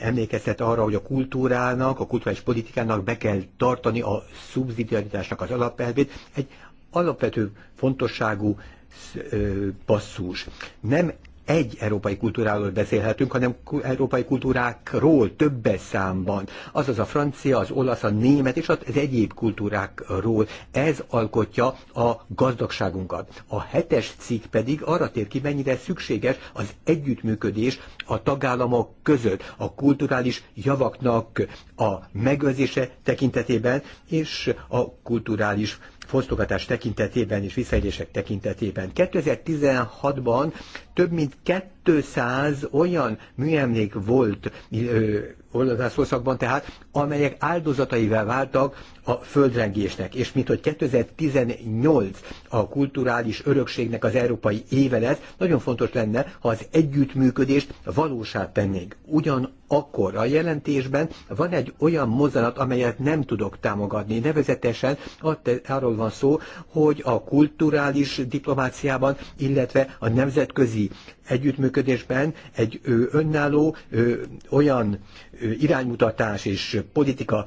emlékeztet arra, hogy a kultúrának, a kulturális politikának be kell tartani a szubszidiaritásnak az alapelvét egy alapvető fontosságú passzus. Nem egy európai kultúráról beszélhetünk, hanem európai kultúrákról többes számban. Azaz a francia, az olasz, a német és az egyéb kultúrákról. Ez alkotja a gazdagságunkat. A hetes cikk pedig arra tér ki, mennyire szükséges az együttműködés a tagállamok között, a kulturális javaknak a megőrzése tekintetében és a kulturális fosztogatás tekintetében és visszaélések tekintetében. 2016-ban több mint 200 olyan műemlék volt oldalászószakban tehát, amelyek áldozataival váltak a földrengésnek, és mint hogy 2018 a kulturális örökségnek az európai éve lesz, nagyon fontos lenne, ha az együttműködést valósá tennék. Ugyan akkor a jelentésben van egy olyan mozanat, amelyet nem tudok támogatni. Nevezetesen arról van szó, hogy a kulturális diplomáciában, illetve a nemzetközi együttműködésben egy önálló olyan iránymutatás és politika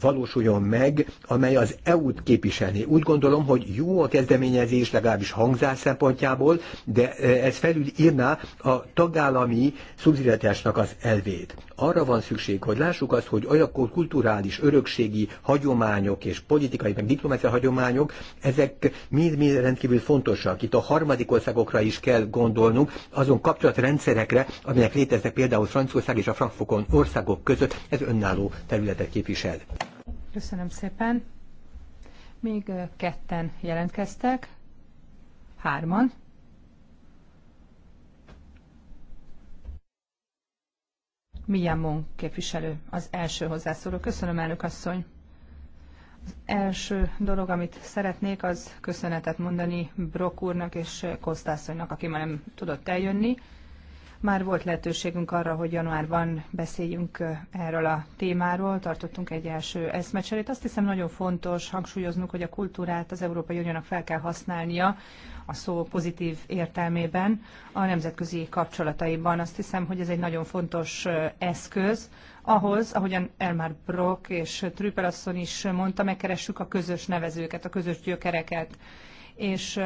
valósuljon meg, amely az EU-t képviselni. Úgy gondolom, hogy jó a kezdeményezés, legalábbis hangzás szempontjából, de e, ez felül írná a tagállami szubzidatásnak az elvét. Arra van szükség, hogy lássuk azt, hogy olyan kulturális, örökségi hagyományok és politikai, meg diplomáciai hagyományok, ezek mind-mind rendkívül fontosak. Itt a harmadik országokra is kell gondolnunk, azon kapcsolatrendszerekre, amelyek léteznek például Franciaország és a frankfokon országok között, ez önálló területet képvisel. Köszönöm szépen. Még ketten jelentkeztek, hárman. Miyamon képviselő az első hozzászóló. Köszönöm, elnök asszony. Az első dolog, amit szeretnék, az köszönetet mondani Brok úrnak és Kosztászonynak, aki már nem tudott eljönni. Már volt lehetőségünk arra, hogy januárban beszéljünk erről a témáról, tartottunk egy első eszmecserét. Azt hiszem nagyon fontos hangsúlyoznunk, hogy a kultúrát az Európai Uniónak fel kell használnia a szó pozitív értelmében a nemzetközi kapcsolataiban. Azt hiszem, hogy ez egy nagyon fontos eszköz, ahhoz, ahogyan Elmar Brock és Trüppel asszony is mondta, megkeressük a közös nevezőket, a közös gyökereket, és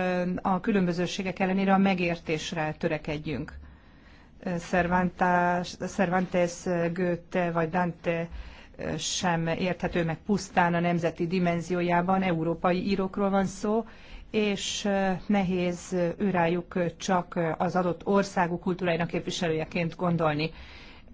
a különbözőségek ellenére a megértésre törekedjünk. Cervantes, Cervantes, Goethe vagy Dante sem érthető meg pusztán a nemzeti dimenziójában, európai írókról van szó, és nehéz őrájuk csak az adott országú kultúráinak képviselőjeként gondolni.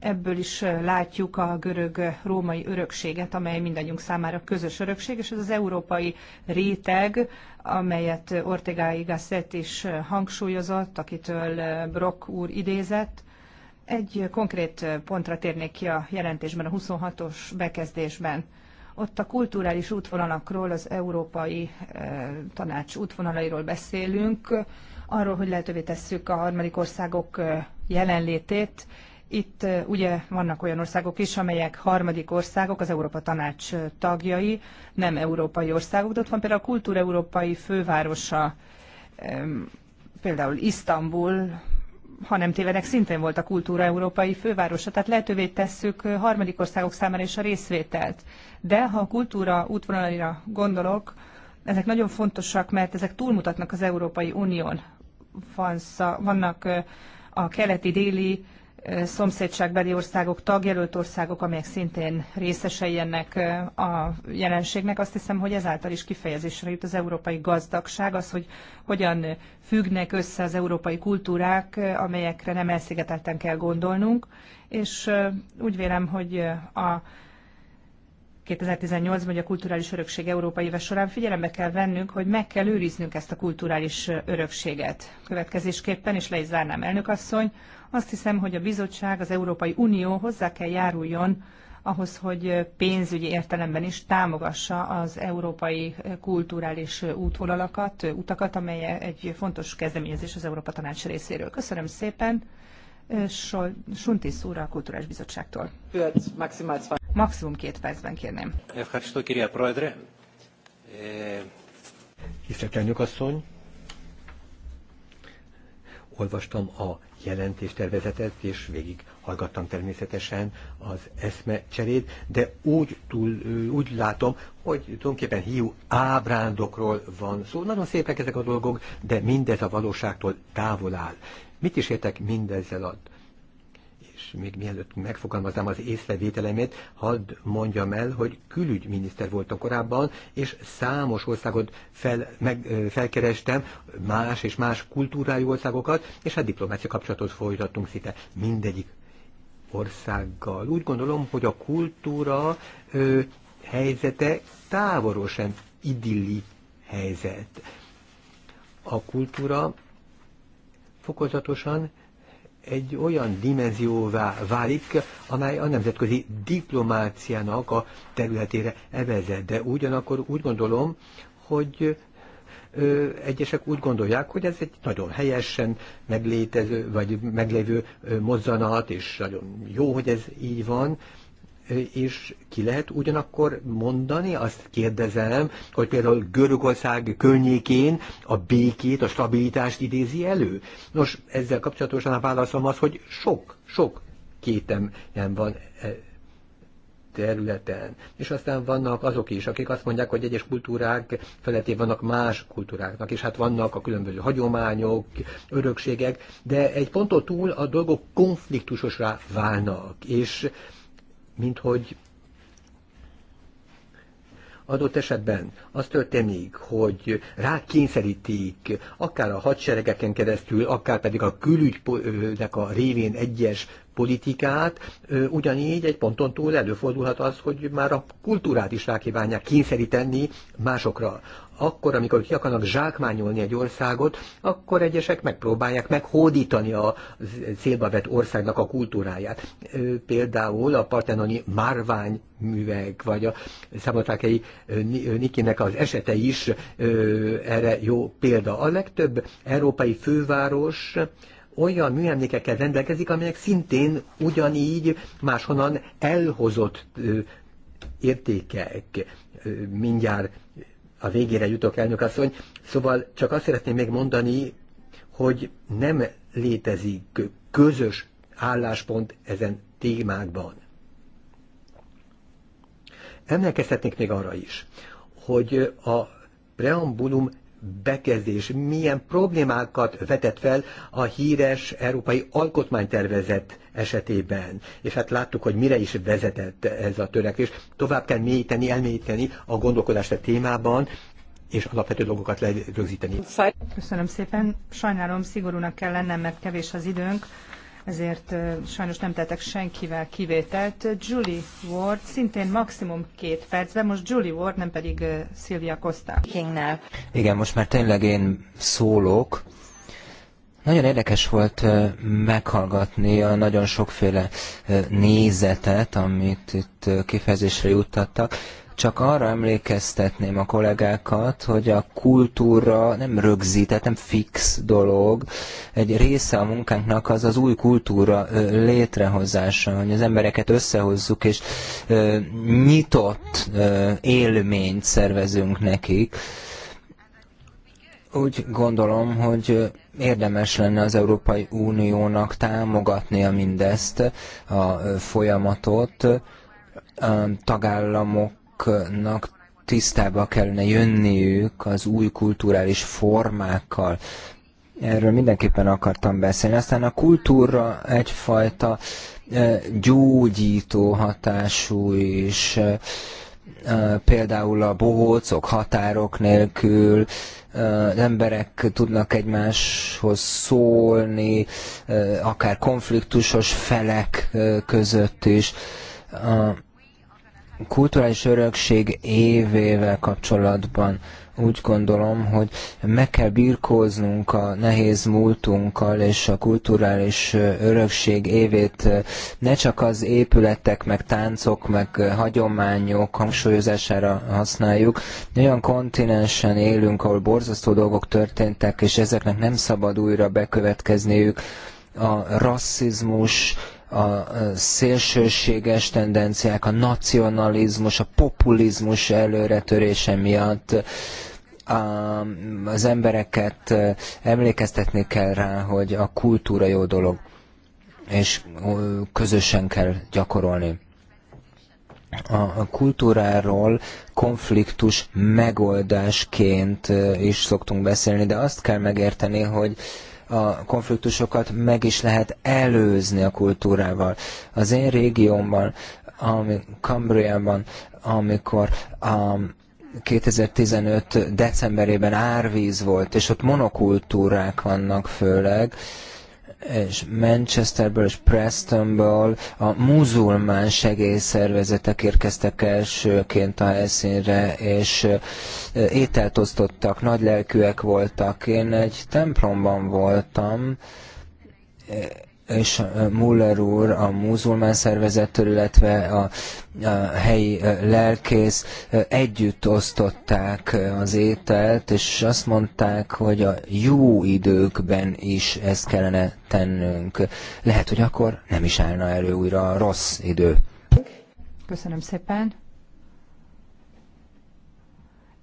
Ebből is látjuk a görög-római örökséget, amely mindannyiunk számára közös örökség, és ez az európai réteg, amelyet Ortega y Gasset is hangsúlyozott, akitől Brock úr idézett. Egy konkrét pontra térnék ki a jelentésben, a 26-os bekezdésben ott a kulturális útvonalakról, az európai tanács útvonalairól beszélünk, arról, hogy lehetővé tesszük a harmadik országok jelenlétét, itt eh, ugye vannak olyan országok is, amelyek harmadik országok, az Európa Tanács eh, tagjai, nem európai országok, de ott van például a kultúra európai fővárosa, például Isztambul, ha nem tévedek, szintén volt a kultúra európai fővárosa, tehát lehetővé tesszük eh, harmadik országok számára is a részvételt. De ha a kultúra útvonalaira gondolok, ezek nagyon fontosak, mert ezek túlmutatnak az Európai Unión. vannak a keleti, déli, szomszédságbeli országok, tagjelölt országok, amelyek szintén részesei ennek a jelenségnek. Azt hiszem, hogy ezáltal is kifejezésre jut az európai gazdagság, az, hogy hogyan függnek össze az európai kultúrák, amelyekre nem elszigetelten kell gondolnunk, és úgy vélem, hogy a 2018-ban, hogy a kulturális örökség Európai éve során figyelembe kell vennünk, hogy meg kell őriznünk ezt a kulturális örökséget. Következésképpen, és le is zárnám elnök asszony, azt hiszem, hogy a bizottság, az Európai Unió hozzá kell járuljon ahhoz, hogy pénzügyi értelemben is támogassa az európai kulturális útvonalakat, utakat, amely egy fontos kezdeményezés az Európa Tanács részéről. Köszönöm szépen. Suntis úr a Kulturális Bizottságtól. Maximum két percben kérném. Tisztelt elnök asszony, olvastam a jelentéstervezetet, és végig hallgattam természetesen az eszme cserét, de úgy, túl, úgy látom, hogy tulajdonképpen hiú ábrándokról van szó. Nagyon szépek ezek a dolgok, de mindez a valóságtól távol áll. Mit is értek mindezzel a még mielőtt megfogalmaznám az észrevételemet, hadd mondjam el, hogy külügyminiszter voltam korábban, és számos országot fel, meg, felkerestem, más és más kultúrájú országokat, és a diplomácia kapcsolatot folytattunk szinte mindegyik országgal. Úgy gondolom, hogy a kultúra ö, helyzete távolról sem idilli helyzet. A kultúra fokozatosan egy olyan dimenzióvá válik, amely a nemzetközi diplomáciának a területére evezet. De ugyanakkor úgy gondolom, hogy ö, egyesek úgy gondolják, hogy ez egy nagyon helyesen meglétező, vagy meglévő ö, mozzanat, és nagyon jó, hogy ez így van, és ki lehet ugyanakkor mondani, azt kérdezem, hogy például Görögország környékén a békét, a stabilitást idézi elő? Nos, ezzel kapcsolatosan a válaszom az, hogy sok, sok kétem nem van e területen. És aztán vannak azok is, akik azt mondják, hogy egyes kultúrák feletté vannak más kultúráknak, és hát vannak a különböző hagyományok, örökségek, de egy ponton túl a dolgok konfliktusosra válnak, és mint hogy adott esetben az történik, hogy kényszerítik, akár a hadseregeken keresztül, akár pedig a külügynek a révén egyes politikát, ugyanígy egy ponton túl előfordulhat az, hogy már a kultúrát is rákívánják kényszeríteni másokra akkor, amikor ki akarnak zsákmányolni egy országot, akkor egyesek megpróbálják meghódítani a célba vett országnak a kultúráját. Például a partenoni márvány művek, vagy a szamotákei Nikinek az esete is erre jó példa. A legtöbb európai főváros olyan műemlékekkel rendelkezik, amelyek szintén ugyanígy máshonnan elhozott értékek mindjárt a végére jutok, elnök asszony. Szóval csak azt szeretném még mondani, hogy nem létezik közös álláspont ezen témákban. Emlékeztetnék még arra is, hogy a preambulum bekezdés milyen problémákat vetett fel a híres európai alkotmánytervezet esetében. És hát láttuk, hogy mire is vezetett ez a törekvés. Tovább kell mélyíteni, elmélyíteni a gondolkodást a témában, és alapvető dolgokat lerögzíteni. Köszönöm szépen. Sajnálom, szigorúnak kell lennem, mert kevés az időnk ezért sajnos nem tettek senkivel kivételt. Julie Ward, szintén maximum két percben, most Julie Ward, nem pedig Szilvia Costa. Igen, most már tényleg én szólok. Nagyon érdekes volt meghallgatni a nagyon sokféle nézetet, amit itt kifejezésre juttattak. Csak arra emlékeztetném a kollégákat, hogy a kultúra nem rögzített, nem fix dolog. Egy része a munkánknak az az új kultúra létrehozása, hogy az embereket összehozzuk, és nyitott élményt szervezünk nekik úgy gondolom, hogy érdemes lenne az Európai Uniónak támogatnia mindezt a folyamatot, a tagállamok fiataloknak tisztába kellene jönniük az új kulturális formákkal. Erről mindenképpen akartam beszélni. Aztán a kultúra egyfajta gyógyító hatású is, például a bohócok határok nélkül, az emberek tudnak egymáshoz szólni, akár konfliktusos felek között is kulturális örökség évével kapcsolatban úgy gondolom, hogy meg kell birkóznunk a nehéz múltunkkal, és a kulturális örökség évét eh, ne csak az épületek, meg táncok, meg hagyományok hangsúlyozására használjuk. Olyan kontinensen élünk, ahol borzasztó dolgok történtek, és ezeknek nem szabad újra bekövetkezniük. A rasszizmus, a szélsőséges tendenciák, a nacionalizmus, a populizmus előretörése miatt az embereket emlékeztetni kell rá, hogy a kultúra jó dolog, és közösen kell gyakorolni. A kultúráról konfliktus megoldásként is szoktunk beszélni, de azt kell megérteni, hogy a konfliktusokat meg is lehet előzni a kultúrával. Az én régiómban, ami Cambriában, amikor a 2015. decemberében árvíz volt, és ott monokultúrák vannak főleg, és Manchesterből és Prestonból a muzulmán segélyszervezetek érkeztek elsőként a helyszínre, és ételt osztottak, nagy lelkűek voltak. Én egy templomban voltam, és Muller úr a muzulmán szervezettől, illetve a, a helyi lelkész együtt osztották az ételt, és azt mondták, hogy a jó időkben is ezt kellene tennünk. Lehet, hogy akkor nem is állna elő újra a rossz idő. Köszönöm szépen.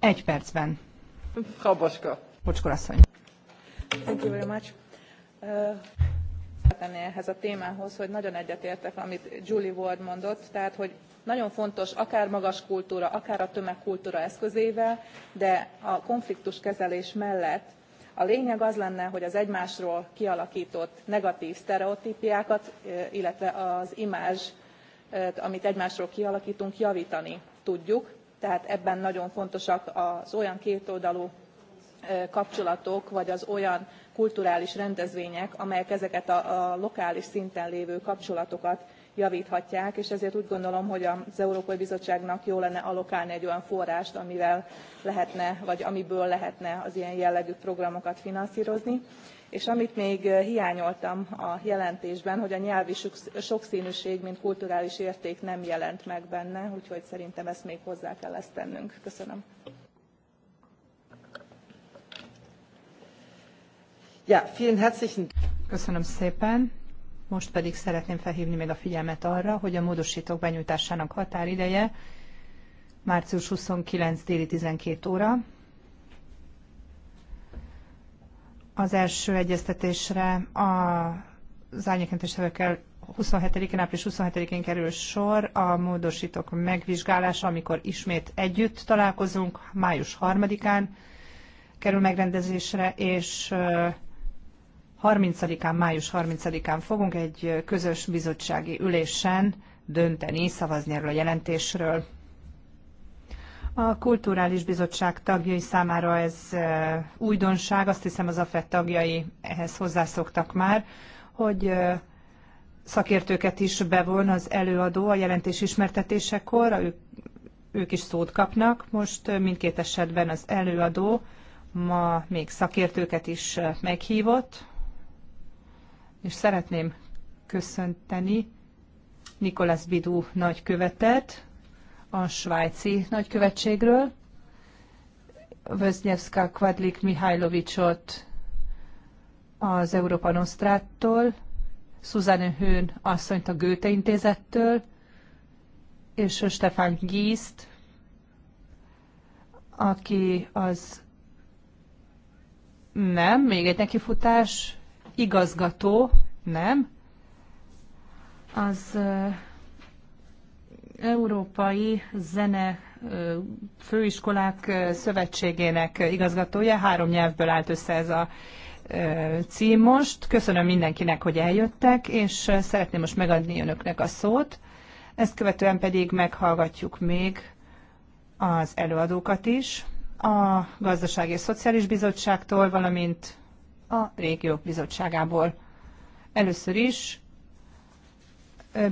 Egy percben. Frau Boska. Thank you very much. Uh tenni ehhez a témához, hogy nagyon egyetértek, amit Julie Ward mondott, tehát hogy nagyon fontos akár magas kultúra, akár a tömegkultúra eszközével, de a konfliktuskezelés mellett a lényeg az lenne, hogy az egymásról kialakított negatív sztereotípiákat, illetve az imázs, amit egymásról kialakítunk, javítani tudjuk. Tehát ebben nagyon fontosak az olyan kétoldalú kapcsolatok, vagy az olyan kulturális rendezvények, amelyek ezeket a, a lokális szinten lévő kapcsolatokat javíthatják, és ezért úgy gondolom, hogy az Európai Bizottságnak jó lenne alokálni egy olyan forrást, amivel lehetne, vagy amiből lehetne az ilyen jellegű programokat finanszírozni. És amit még eh, hiányoltam a jelentésben, hogy a nyelvi sokszínűség, mint kulturális érték nem jelent meg benne, úgyhogy szerintem ezt még hozzá kell ezt tennünk. Köszönöm. Ja, vielen herzlichen Köszönöm szépen. Most pedig szeretném felhívni még a figyelmet arra, hogy a módosítók benyújtásának határideje március 29 déli 12 óra. Az első egyeztetésre az árnyékentéstevőkkel 27-én, április 27-én kerül sor a módosítók megvizsgálása, amikor ismét együtt találkozunk, május 3-án kerül megrendezésre, és 30-án, május 30-án fogunk egy közös bizottsági ülésen dönteni, szavazni erről a jelentésről. A Kulturális Bizottság tagjai számára ez e, újdonság, azt hiszem az AFET tagjai ehhez hozzászoktak már, hogy e, szakértőket is bevon az előadó a jelentés ismertetésekor, ők, ők is szót kapnak. Most e, mindkét esetben az előadó ma még szakértőket is meghívott, és szeretném köszönteni Nikolas Bidú nagykövetet a svájci nagykövetségről, Vöznyevszka Kvadlik Mihajlovicsot az Európa Nosztráttól, Susanne Hőn asszonyt a göte Intézettől, és Stefan Gízt, aki az nem, még egy nekifutás, igazgató, nem, az Európai Zene Főiskolák Szövetségének igazgatója. Három nyelvből állt össze ez a cím most. Köszönöm mindenkinek, hogy eljöttek, és szeretném most megadni önöknek a szót. Ezt követően pedig meghallgatjuk még az előadókat is a Gazdasági és Szociális Bizottságtól, valamint a régiók bizottságából. Először is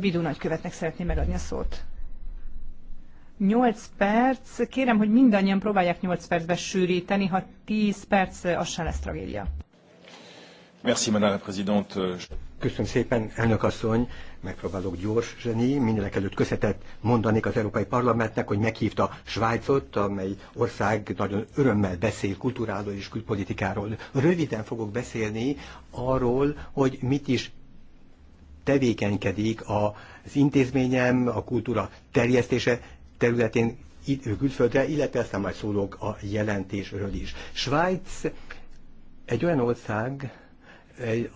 Bidú nagykövetnek szeretném megadni a szót. 8 perc, kérem, hogy mindannyian próbálják 8 percbe sűríteni, ha 10 perc, az sem lesz tragédia. Merci, Madame la Présidente. Köszönöm szépen, elnök asszony, megpróbálok gyors zseni. Mindenek előtt köszönetet mondanék az Európai Parlamentnek, hogy meghívta Svájcot, amely ország nagyon örömmel beszél kultúráról és külpolitikáról. Röviden fogok beszélni arról, hogy mit is tevékenykedik az intézményem, a kultúra terjesztése területén külföldre, illetve aztán majd szólok a jelentésről is. Svájc egy olyan ország,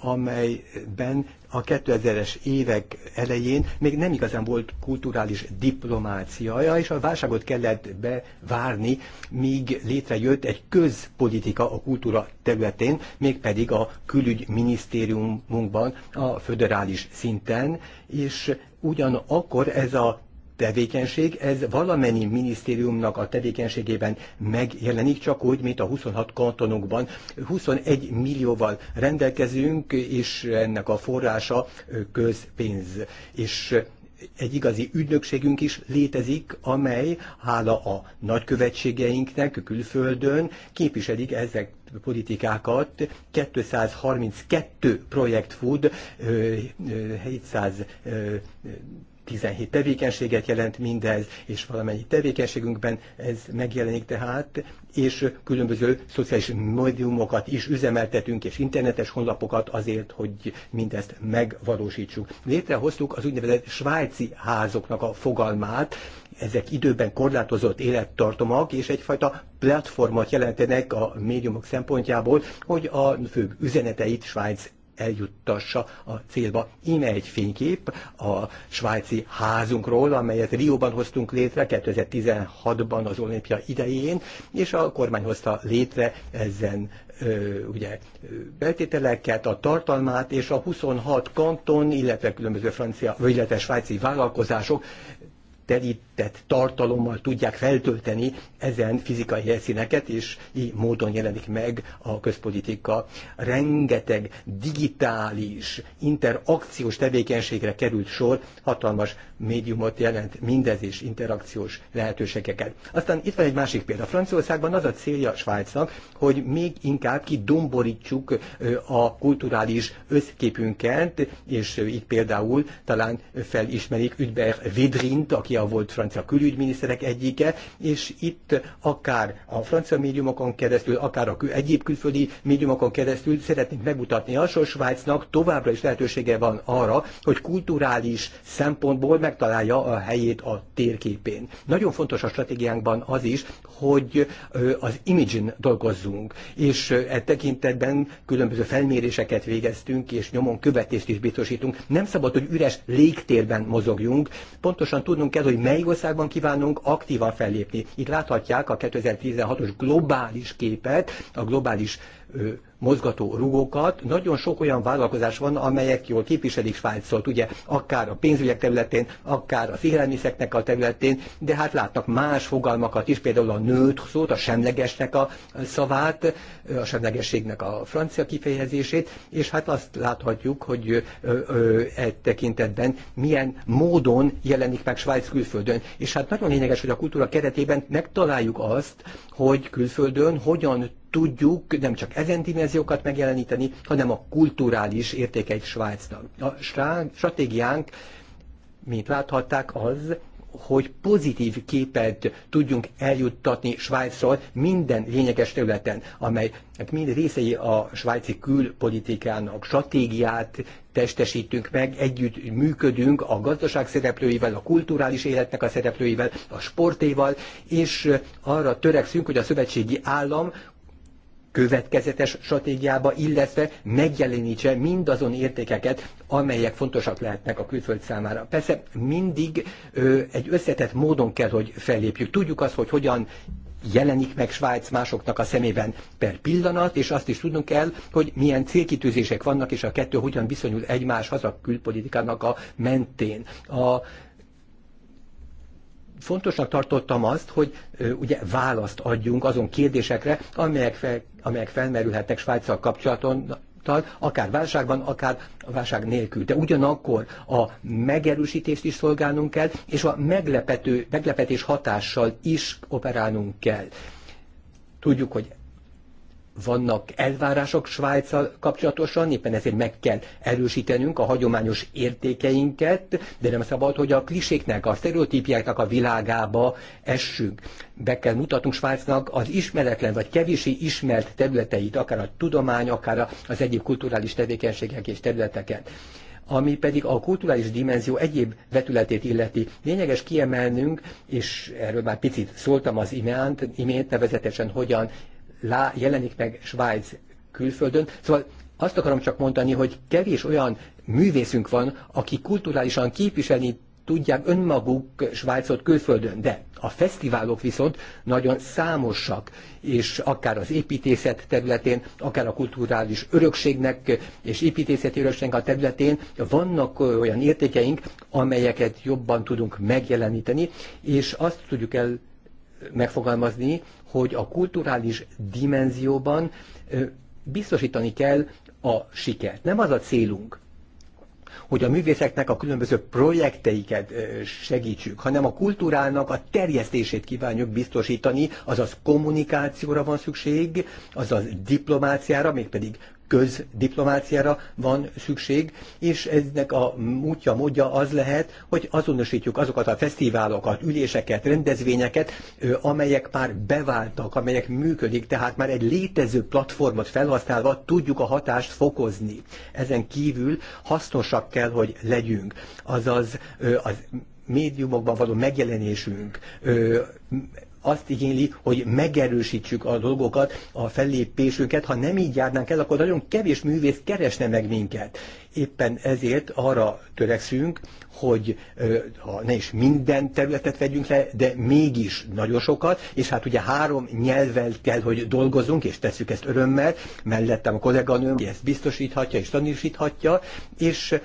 amelyben a 2000-es évek elején még nem igazán volt kulturális diplomáciaja, és a válságot kellett bevárni, míg létrejött egy közpolitika a kultúra területén, mégpedig a külügyminisztériumunkban, a föderális szinten, és ugyanakkor ez a tevékenység, ez valamennyi minisztériumnak a tevékenységében megjelenik, csak úgy, mint a 26 kantonokban 21 millióval rendelkezünk, és ennek a forrása közpénz. És egy igazi ügynökségünk is létezik, amely hála a nagykövetségeinknek külföldön képviselik ezek politikákat. 232 projekt fut, 700 17 tevékenységet jelent mindez, és valamennyi tevékenységünkben ez megjelenik tehát, és különböző szociális médiumokat is üzemeltetünk, és internetes honlapokat azért, hogy mindezt megvalósítsuk. Létrehoztuk az úgynevezett svájci házoknak a fogalmát, ezek időben korlátozott élettartomak, és egyfajta platformot jelentenek a médiumok szempontjából, hogy a főbb üzeneteit Svájc eljuttassa a célba. Íme egy fénykép a svájci házunkról, amelyet Rióban hoztunk létre 2016-ban az olimpia idején, és a kormány hozta létre ezen ugye betételeket, a tartalmát és a 26 kanton, illetve különböző francia, illetve svájci vállalkozások telít rögzített tartalommal tudják feltölteni ezen fizikai helyszíneket, és így módon jelenik meg a közpolitika. Rengeteg digitális, interakciós tevékenységre került sor, hatalmas médiumot jelent mindez és interakciós lehetőségeket. Aztán itt van egy másik példa. Franciaországban az a célja a Svájcnak, hogy még inkább kidomborítsuk a kulturális összképünket, és itt például talán felismerik Üdber Vidrint, aki a volt francia francia külügyminiszterek egyike, és itt akár a francia médiumokon keresztül, akár a kül- egyéb külföldi médiumokon keresztül szeretnénk megmutatni azt, hogy Svájcnak továbbra is lehetősége van arra, hogy kulturális szempontból megtalálja a helyét a térképén. Nagyon fontos a stratégiánkban az is, hogy az imidzsin dolgozzunk, és e tekintetben különböző felméréseket végeztünk, és nyomon követést is biztosítunk. Nem szabad, hogy üres légtérben mozogjunk. Pontosan tudnunk kell, hogy mely Magyarországban kívánunk aktívan fellépni. Itt láthatják a 2016-os globális képet, a globális ö, mozgató rugókat. Nagyon sok olyan vállalkozás van, amelyek jól képviselik Svájcot, ugye akár a pénzügyek területén, akár az élelmiszeknek a területén, de hát látnak más fogalmakat is, például a nőt szót, a semlegesnek a szavát, a semlegességnek a francia kifejezését, és hát azt láthatjuk, hogy egy tekintetben milyen módon jelenik meg Svájc külföldön. És hát nagyon lényeges, hogy a kultúra keretében megtaláljuk azt, hogy külföldön hogyan tudjuk nem csak ezen dimenziókat megjeleníteni, hanem a kulturális értékeit Svájcnak. A stratégiánk, mint láthatták, az, hogy pozitív képet tudjunk eljuttatni Svájcról minden lényeges területen, amely hát mind részei a svájci külpolitikának, stratégiát testesítünk meg, együtt működünk a gazdaság szereplőivel, a kulturális életnek a szereplőivel, a sportéval, és arra törekszünk, hogy a szövetségi állam következetes stratégiába, illetve megjelenítse mindazon értékeket, amelyek fontosak lehetnek a külföld számára. Persze mindig ö, egy összetett módon kell, hogy fellépjük. Tudjuk azt, hogy hogyan jelenik meg Svájc másoknak a szemében per pillanat, és azt is tudnunk kell, hogy milyen célkitűzések vannak, és a kettő hogyan viszonyul egymáshoz a külpolitikának a mentén. A fontosnak tartottam azt, hogy ugye választ adjunk azon kérdésekre, amelyek, fel, amelyek felmerülhetnek Svájccal kapcsolaton, akár válságban, akár válság nélkül. De ugyanakkor a megerősítést is szolgálnunk kell, és a meglepető, meglepetés hatással is operálnunk kell. Tudjuk, hogy vannak elvárások Svájccal kapcsolatosan, éppen ezért meg kell erősítenünk a hagyományos értékeinket, de nem szabad, hogy a kliséknek, a sztereotípiáknak a világába essünk. Be kell mutatnunk Svájcnak az ismeretlen vagy kevési ismert területeit, akár a tudomány, akár az egyéb kulturális tevékenységek és területeket ami pedig a kulturális dimenzió egyéb vetületét illeti. Lényeges kiemelnünk, és erről már picit szóltam az imént, imént nevezetesen hogyan lá, jelenik meg Svájc külföldön. Szóval azt akarom csak mondani, hogy kevés olyan művészünk van, aki kulturálisan képviselni tudják önmaguk Svájcot külföldön, de a fesztiválok viszont nagyon számosak, és akár az építészet területén, akár a kulturális örökségnek és építészeti örökségnek a területén vannak olyan értékeink, amelyeket jobban tudunk megjeleníteni, és azt tudjuk el megfogalmazni, hogy a kulturális dimenzióban biztosítani kell a sikert. Nem az a célunk, hogy a művészeknek a különböző projekteiket segítsük, hanem a kultúrának a terjesztését kívánjuk biztosítani, azaz kommunikációra van szükség, azaz diplomáciára, mégpedig közdiplomáciára van szükség, és eznek a útja, módja az lehet, hogy azonosítjuk azokat a fesztiválokat, üléseket, rendezvényeket, amelyek már beváltak, amelyek működik, tehát már egy létező platformot felhasználva tudjuk a hatást fokozni. Ezen kívül hasznosak kell, hogy legyünk. Azaz az médiumokban való megjelenésünk, azt igényli, hogy megerősítsük a dolgokat, a fellépésünket. Ha nem így járnánk el, akkor nagyon kevés művész keresne meg minket. Éppen ezért arra törekszünk, hogy ha ne is minden területet vegyünk le, de mégis nagyon sokat, és hát ugye három nyelvvel kell, hogy dolgozunk, és tesszük ezt örömmel, mellettem a kolléganőm ezt biztosíthatja és tanúsíthatja, és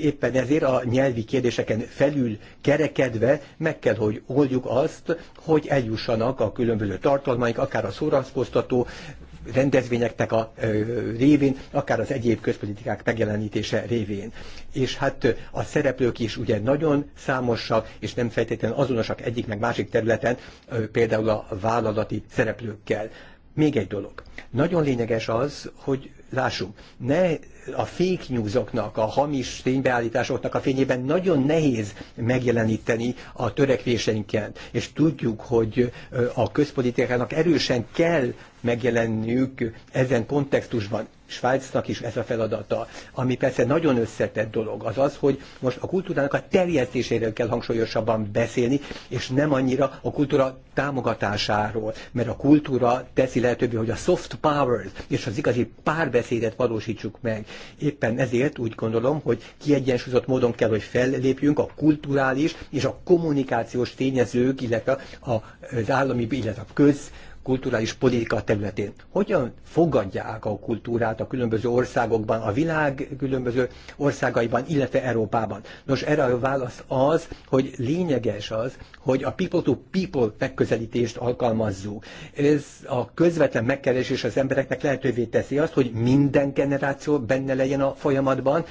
éppen ezért a nyelvi kérdéseken felül kerekedve meg kell, hogy oldjuk azt, hogy eljussanak a különböző tartalmaik, akár a szórakoztató rendezvényeknek a révén, akár az egyéb közpolitikák megjelenítése révén. És hát a szereplők is ugye nagyon számosak, és nem feltétlenül azonosak egyik meg másik területen, például a vállalati szereplőkkel. Még egy dolog. Nagyon lényeges az, hogy lássuk, ne a fake newsoknak, a hamis ténybeállításoknak a fényében nagyon nehéz megjeleníteni a törekvéseinket, és tudjuk, hogy a közpolitikának erősen kell megjelenniük ezen kontextusban. Svájcnak is ez a feladata, ami persze nagyon összetett dolog, az az, hogy most a kultúrának a terjesztéséről kell hangsúlyosabban beszélni, és nem annyira a kultúra támogatásáról, mert a kultúra teszi lehetővé, hogy a soft powers és az igazi párbeszédet valósítsuk meg. Éppen ezért úgy gondolom, hogy kiegyensúlyozott módon kell, hogy fellépjünk a kulturális és a kommunikációs tényezők, illetve az állami, illetve a köz kulturális politika területén. Hogyan fogadják a kultúrát a különböző országokban, a világ különböző országaiban, illetve Európában? Nos, erre a válasz az, hogy lényeges az, hogy a people-to-people -people megközelítést alkalmazzuk. Ez a közvetlen megkeresés az embereknek lehetővé teszi azt, hogy minden generáció benne legyen a folyamatban,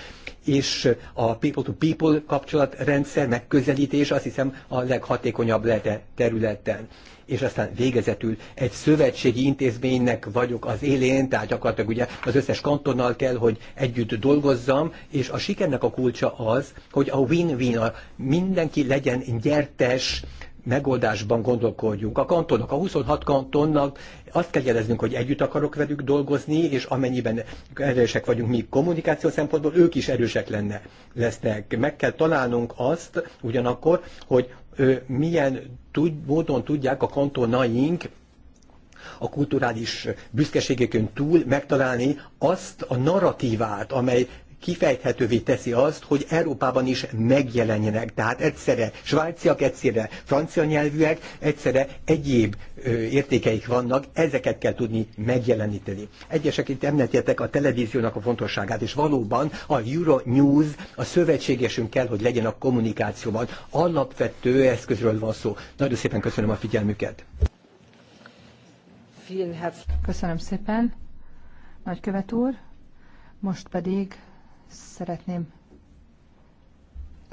és a people-to-people -people kapcsolatrendszer megközelítés azt hiszem a leghatékonyabb lehet területen és aztán végezetül egy szövetségi intézménynek vagyok az élén, tehát gyakorlatilag ugye az összes kantonnal kell, hogy együtt dolgozzam, és a sikernek a kulcsa az, hogy a win-win, a mindenki legyen gyertes, megoldásban gondolkodjunk. A kantonok, a 26 kantonnak azt kell jeleznünk, hogy együtt akarok velük dolgozni, és amennyiben erősek vagyunk mi kommunikáció szempontból, ők is erősek lenne, lesznek. Meg kell találnunk azt ugyanakkor, hogy milyen tud, módon tudják a kantonaink a kulturális büszkeségekön túl megtalálni azt a narratívát, amely kifejthetővé teszi azt, hogy Európában is megjelenjenek. Tehát egyszerre svájciak, egyszerre francia nyelvűek, egyszerre egyéb ö, értékeik vannak, ezeket kell tudni megjeleníteni. Egyesek itt említettek a televíziónak a fontosságát, és valóban a Euro News a szövetségesünk kell, hogy legyen a kommunikációban. Alapvető eszközről van szó. Nagyon szépen köszönöm a figyelmüket. Köszönöm szépen, nagykövet úr. Most pedig szeretném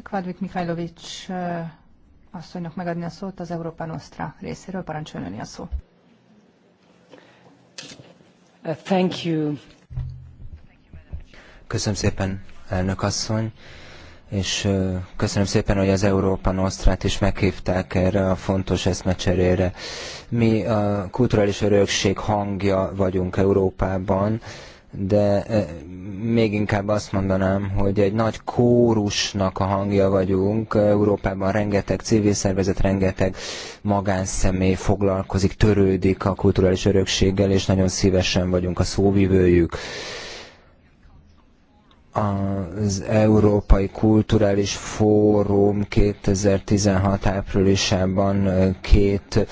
Kvadvik Mikhailovics asszonynak megadni a szót az Európa Nostra részéről. Parancsoljon a szó. Uh, thank you. Köszönöm szépen, elnök asszony, és köszönöm szépen, hogy az Európa Nostrát is meghívták erre a fontos eszmecserére. Mi a kulturális örökség hangja vagyunk Európában, de eh, még inkább azt mondanám, hogy egy nagy kórusnak a hangja vagyunk. Európában rengeteg civil szervezet, rengeteg magánszemély foglalkozik, törődik a kulturális örökséggel, és nagyon szívesen vagyunk a szóvivőjük az Európai Kulturális Fórum 2016 áprilisában két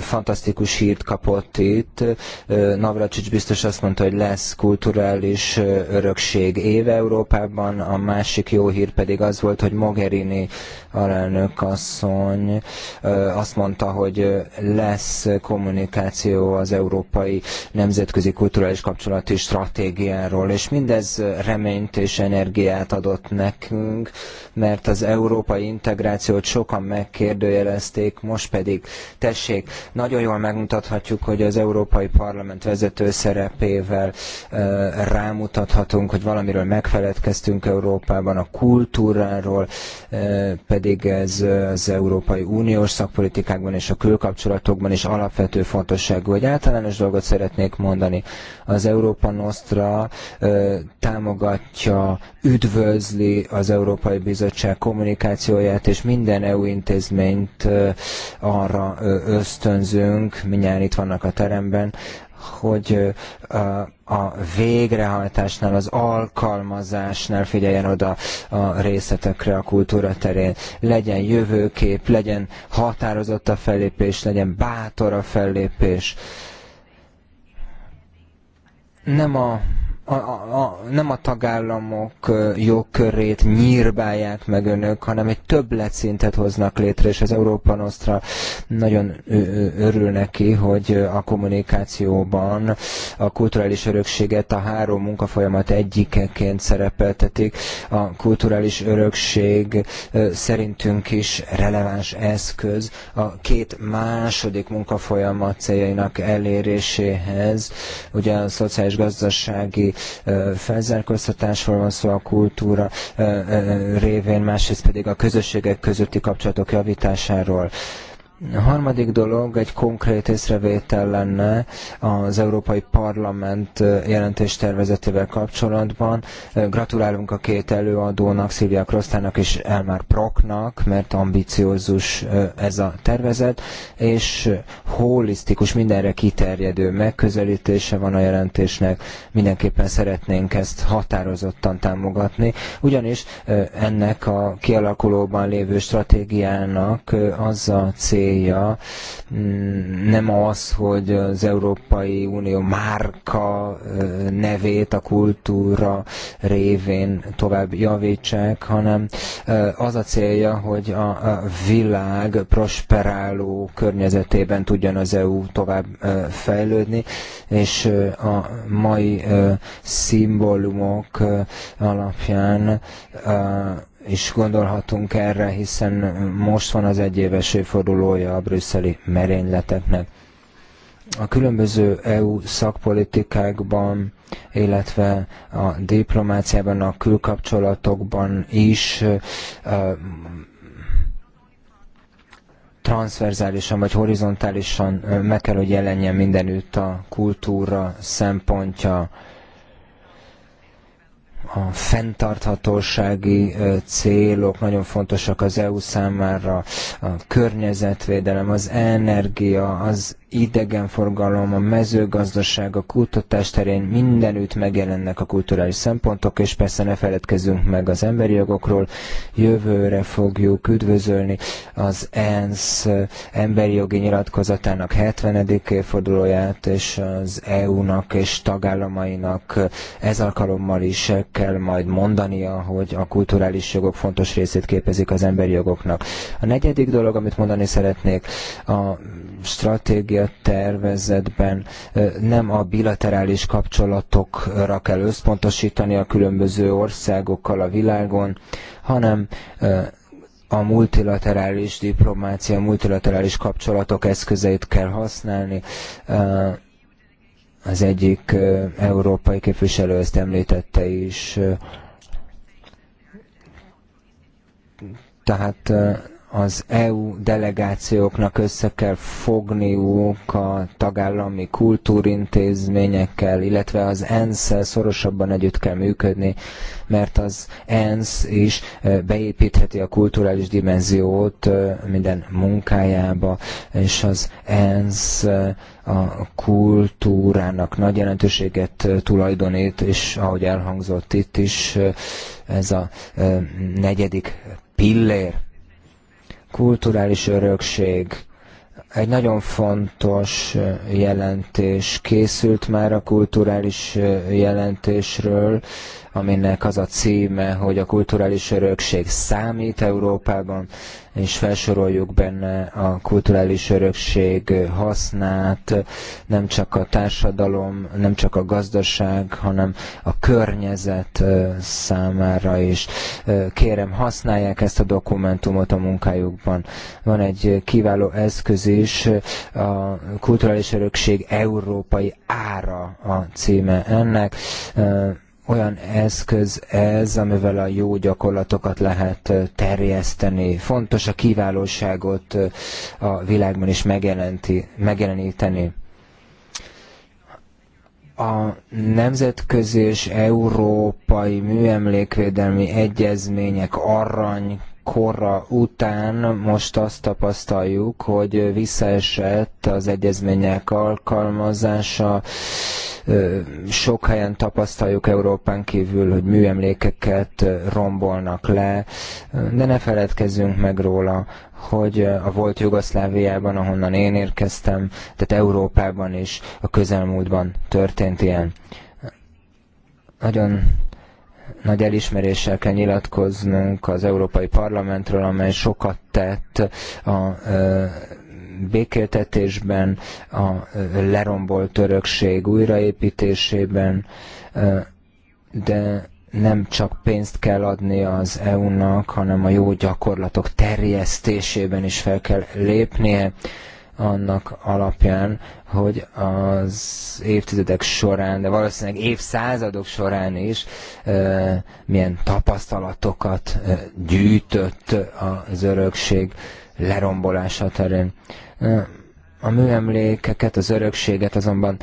fantasztikus hírt kapott itt. Navracsics biztos azt mondta, hogy lesz kulturális örökség éve Európában, a másik jó hír pedig az volt, hogy Mogherini alelnök asszony azt mondta, hogy lesz kommunikáció az európai nemzetközi kulturális kapcsolati stratégiáról, és mindez remény reményt és energiát adott nekünk, mert az európai integrációt sokan megkérdőjelezték, most pedig tessék, nagyon jól megmutathatjuk, hogy az Európai Parlament vezető szerepével rámutathatunk, hogy valamiről megfeledkeztünk Európában, a kultúráról, pedig ez az Európai Uniós szakpolitikákban és a külkapcsolatokban is alapvető fontosságú. Egy általános dolgot szeretnék mondani. Az Európa Nostra támogat látja, üdvözli az Európai Bizottság kommunikációját, és minden EU intézményt arra ösztönzünk, mindjárt itt vannak a teremben, hogy a végrehajtásnál, az alkalmazásnál figyeljen oda a részletekre a kultúra terén. Legyen jövőkép, legyen határozott a fellépés, legyen bátor a fellépés. Nem a a, a, nem a tagállamok jogkörét nyírbálják meg önök, hanem egy lecintet hoznak létre, és az Európa Nostra nagyon örül neki, hogy a kommunikációban a kulturális örökséget a három munkafolyamat egyikeként szerepeltetik. A kulturális örökség szerintünk is releváns eszköz a két második munkafolyamat céljainak eléréséhez, ugye a szociális gazdasági felzárkóztatásról van szó a kultúra révén, másrészt pedig a közösségek közötti kapcsolatok javításáról. A harmadik dolog egy konkrét észrevétel lenne az Európai Parlament jelentéstervezetével kapcsolatban. Gratulálunk a két előadónak, Szilvia Krosztának és Elmar Proknak, mert ambiciózus ez a tervezet, és holisztikus, mindenre kiterjedő megközelítése van a jelentésnek. Mindenképpen szeretnénk ezt határozottan támogatni, ugyanis ennek a kialakulóban lévő stratégiának az a cél, célja mm, nem az, hogy az Európai Unió márka nevét a kultúra révén tovább javítsák, hanem az a célja, hogy a világ prosperáló környezetében tudjon az EU tovább fejlődni, és a mai szimbólumok alapján is gondolhatunk erre, hiszen most van az egyéves évfordulója a brüsszeli merényleteknek. A különböző EU szakpolitikákban, illetve a diplomáciában, a külkapcsolatokban is transzverzálisan vagy horizontálisan meg kell, hogy jelenjen mindenütt a kultúra szempontja a fenntarthatósági célok nagyon fontosak az EU számára, a környezetvédelem, az energia, az idegenforgalom, a mezőgazdaság, a kutatás terén mindenütt megjelennek a kulturális szempontok, és persze ne feledkezzünk meg az emberi jogokról. Jövőre fogjuk üdvözölni az ENSZ eh, emberi jogi nyilatkozatának 70. évfordulóját, és az EU-nak és tagállamainak eh, ez alkalommal is kell majd mondania, hogy a kulturális jogok fontos részét képezik az emberi jogoknak. A negyedik dolog, amit mondani szeretnék, a stratégia tervezetben nem a bilaterális kapcsolatokra kell összpontosítani a különböző országokkal a világon, hanem a multilaterális diplomácia, multilaterális kapcsolatok eszközeit kell használni. Az egyik európai képviselő ezt említette is. Tehát az EU delegációknak össze kell fogniuk a tagállami kultúrintézményekkel, illetve az ENSZ-szel szorosabban együtt kell működni, mert az ENSZ is beépítheti a kulturális dimenziót minden munkájába, és az ENSZ a kultúrának nagy jelentőséget tulajdonít, és ahogy elhangzott itt is, ez a negyedik pillér kulturális örökség. Egy nagyon fontos jelentés készült már a kulturális jelentésről, aminek az a címe, hogy a kulturális örökség számít Európában, és felsoroljuk benne a kulturális örökség hasznát, nem csak a társadalom, nem csak a gazdaság, hanem a környezet számára is. Kérem, használják ezt a dokumentumot a munkájukban. Van egy kiváló eszköz is, a kulturális örökség európai ára a címe ennek olyan eszköz ez, amivel a jó gyakorlatokat lehet terjeszteni. Fontos a kiválóságot a világban is megjeleníteni. A nemzetközi és európai műemlékvédelmi egyezmények arany korra után most azt tapasztaljuk, hogy visszaesett az egyezmények alkalmazása, sok helyen tapasztaljuk Európán kívül, hogy műemlékeket rombolnak le, de ne feledkezzünk meg róla, hogy a volt Jugoszláviában, ahonnan én érkeztem, tehát Európában is a közelmúltban történt ilyen. Nagyon nagy elismeréssel kell nyilatkoznunk az Európai Parlamentről, amely sokat tett a békéltetésben, a lerombolt örökség újraépítésében, de nem csak pénzt kell adni az EU-nak, hanem a jó gyakorlatok terjesztésében is fel kell lépnie annak alapján, hogy az évtizedek során, de valószínűleg évszázadok során is milyen tapasztalatokat gyűjtött az örökség lerombolása terén. A műemlékeket, az örökséget azonban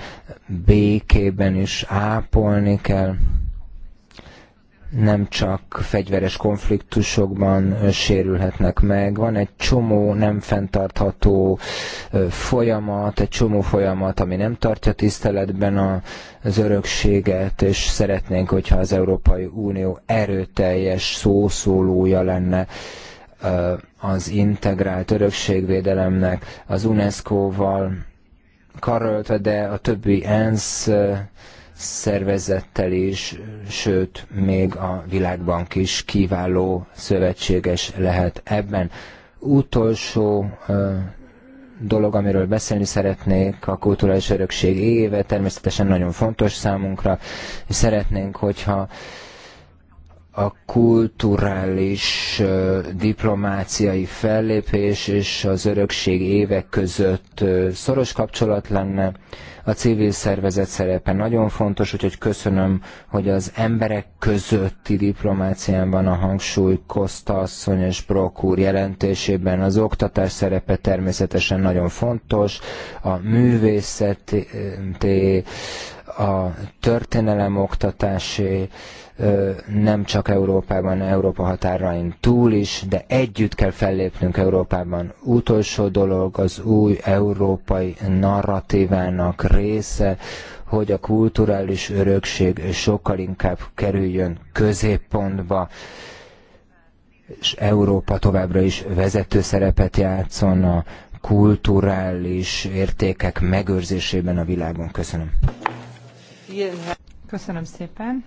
békében is ápolni kell nem csak fegyveres konfliktusokban sérülhetnek meg. Van egy csomó nem fenntartható folyamat, egy csomó folyamat, ami nem tartja tiszteletben az örökséget, és szeretnénk, hogyha az Európai Unió erőteljes szószólója lenne az integrált örökségvédelemnek, az UNESCO-val karöltve, de a többi ENSZ szervezettel is, sőt, még a Világbank is kiváló szövetséges lehet ebben. Utolsó dolog, amiről beszélni szeretnék, a kulturális örökség éve természetesen nagyon fontos számunkra, és szeretnénk, hogyha a kulturális diplomáciai fellépés és az örökség évek között szoros kapcsolat lenne. A civil szervezet szerepe nagyon fontos, úgyhogy köszönöm, hogy az emberek közötti diplomáciában a hangsúly Koszta asszony és Brok úr jelentésében az oktatás szerepe természetesen nagyon fontos, a művészeté, a történelem oktatásé, nem csak Európában, Európa határain túl is, de együtt kell fellépnünk Európában. Utolsó dolog az új európai narratívának része, hogy a kulturális örökség sokkal inkább kerüljön középpontba, és Európa továbbra is vezető szerepet játszon a kulturális értékek megőrzésében a világon. Köszönöm. Köszönöm szépen.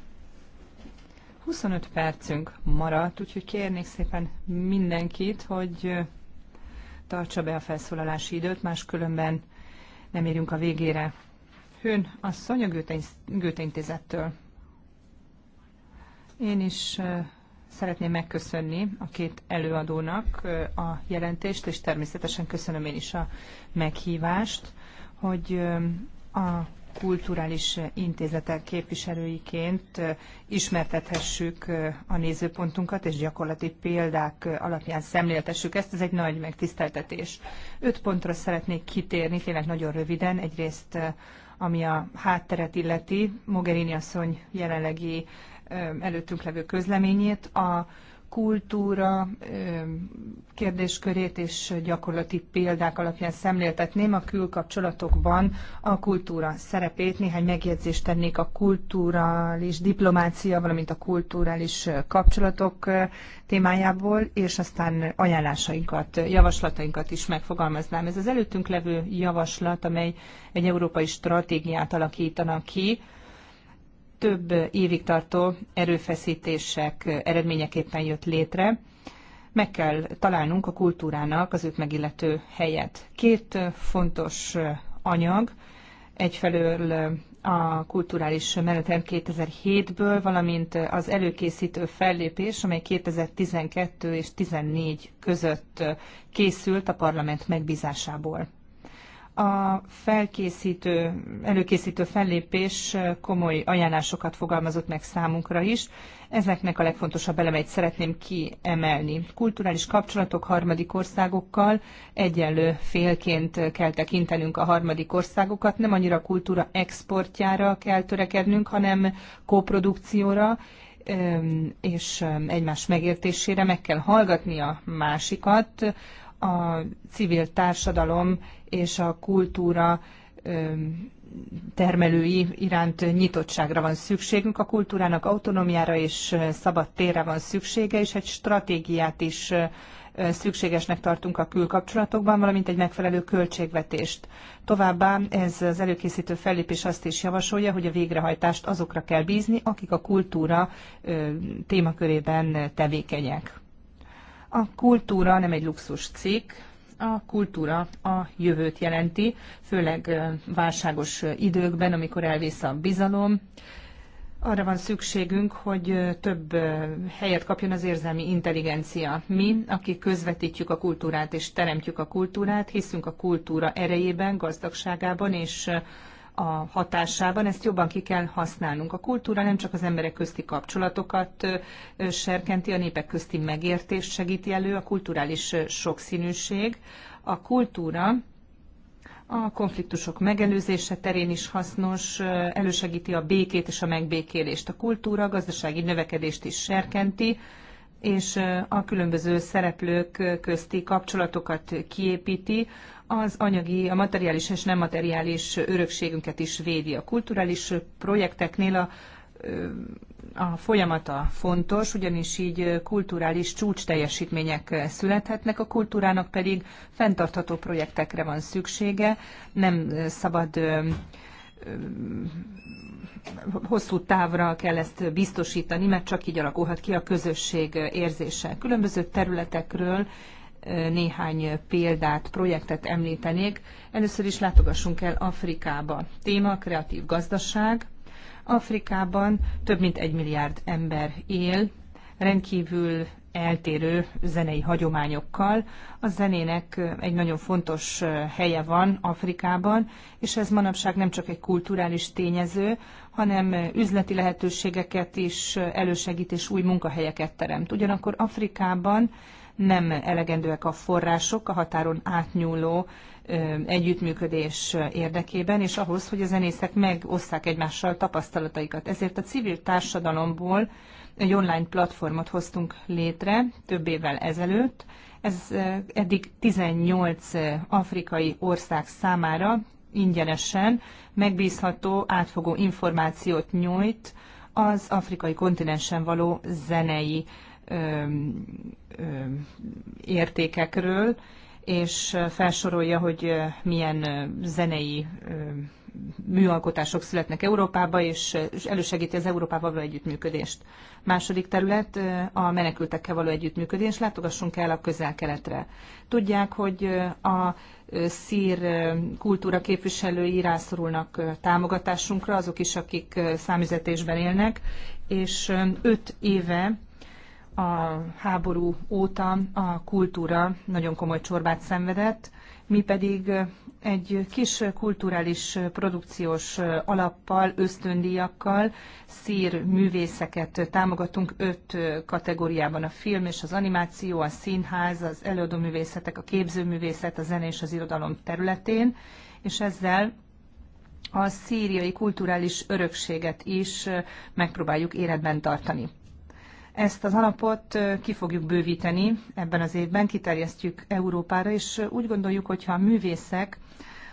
25 percünk maradt, úgyhogy kérnék szépen mindenkit, hogy tartsa be a felszólalási időt, máskülönben nem érünk a végére. Hőn a Szonya Gőteintézettől. Én is szeretném megköszönni a két előadónak a jelentést, és természetesen köszönöm én is a meghívást, hogy a kulturális intézetek képviselőiként ismertethessük a nézőpontunkat, és gyakorlati példák alapján szemléltessük ezt. Ez egy nagy megtiszteltetés. Öt pontra szeretnék kitérni, tényleg nagyon röviden. Egyrészt, ami a hátteret illeti, Mogherini asszony jelenlegi előttünk levő közleményét, a kultúra kérdéskörét és gyakorlati példák alapján szemléltetném a külkapcsolatokban a kultúra szerepét. Néhány megjegyzést tennék a kulturális diplomácia, valamint a kulturális kapcsolatok témájából, és aztán ajánlásainkat, javaslatainkat is megfogalmaznám. Ez az előttünk levő javaslat, amely egy európai stratégiát alakítana ki, több évig tartó erőfeszítések eredményeképpen jött létre. Meg kell találnunk a kultúrának az őt megillető helyet. Két fontos anyag, egyfelől a kulturális menetrend 2007-ből, valamint az előkészítő fellépés, amely 2012 és 2014 között készült a parlament megbízásából. A felkészítő, előkészítő fellépés komoly ajánlásokat fogalmazott meg számunkra is. Ezeknek a legfontosabb elemeit szeretném kiemelni. Kulturális kapcsolatok harmadik országokkal egyenlő félként kell tekintenünk a harmadik országokat. Nem annyira kultúra exportjára kell törekednünk, hanem koprodukcióra, és egymás megértésére meg kell hallgatni a másikat, a civil társadalom és a kultúra termelői iránt nyitottságra van szükségünk, a kultúrának autonómiára és szabad térre van szüksége, és egy stratégiát is szükségesnek tartunk a külkapcsolatokban, valamint egy megfelelő költségvetést. Továbbá ez az előkészítő fellépés azt is javasolja, hogy a végrehajtást azokra kell bízni, akik a kultúra témakörében tevékenyek. A kultúra nem egy luxus cikk, a kultúra a jövőt jelenti, főleg válságos időkben, amikor elvész a bizalom. Arra van szükségünk, hogy több helyet kapjon az érzelmi intelligencia. Mi, akik közvetítjük a kultúrát és teremtjük a kultúrát, hiszünk a kultúra erejében, gazdagságában és a hatásában, ezt jobban ki kell használnunk. A kultúra nem csak az emberek közti kapcsolatokat serkenti, a népek közti megértést segíti elő, a kulturális sokszínűség. A kultúra a konfliktusok megelőzése terén is hasznos, elősegíti a békét és a megbékélést. A kultúra a gazdasági növekedést is serkenti, és a különböző szereplők közti kapcsolatokat kiépíti, az anyagi, a materiális és nem materiális örökségünket is védi. A kulturális projekteknél a, a folyamata fontos, ugyanis így kulturális csúcs teljesítmények születhetnek, a kultúrának pedig fenntartható projektekre van szüksége, nem szabad hosszú távra kell ezt biztosítani, mert csak így alakulhat ki a közösség érzése. Különböző területekről néhány példát, projektet említenék. Először is látogassunk el Afrikába. Téma kreatív gazdaság. Afrikában több mint egy milliárd ember él, rendkívül eltérő zenei hagyományokkal. A zenének egy nagyon fontos helye van Afrikában, és ez manapság nem csak egy kulturális tényező, hanem üzleti lehetőségeket is elősegít és új munkahelyeket teremt. Ugyanakkor Afrikában nem elegendőek a források a határon átnyúló együttműködés érdekében, és ahhoz, hogy a zenészek megosszák egymással tapasztalataikat. Ezért a civil társadalomból egy online platformot hoztunk létre több évvel ezelőtt. Ez eddig 18 afrikai ország számára ingyenesen megbízható, átfogó információt nyújt az afrikai kontinensen való zenei értékekről, és felsorolja, hogy milyen zenei műalkotások születnek Európába, és elősegíti az Európával való együttműködést. Második terület a menekültekkel való együttműködés. Látogassunk el a közel-keletre. Tudják, hogy a szír kultúra képviselői rászorulnak támogatásunkra, azok is, akik számüzetésben élnek, és öt éve a háború óta a kultúra nagyon komoly csorbát szenvedett, mi pedig egy kis kulturális produkciós alappal, ösztöndíjakkal szír művészeket támogatunk öt kategóriában a film és az animáció, a színház, az előadóművészetek, a képzőművészet, a zene és az irodalom területén, és ezzel a szíriai kulturális örökséget is megpróbáljuk életben tartani. Ezt az alapot ki fogjuk bővíteni ebben az évben, kiterjesztjük Európára, és úgy gondoljuk, hogyha a művészek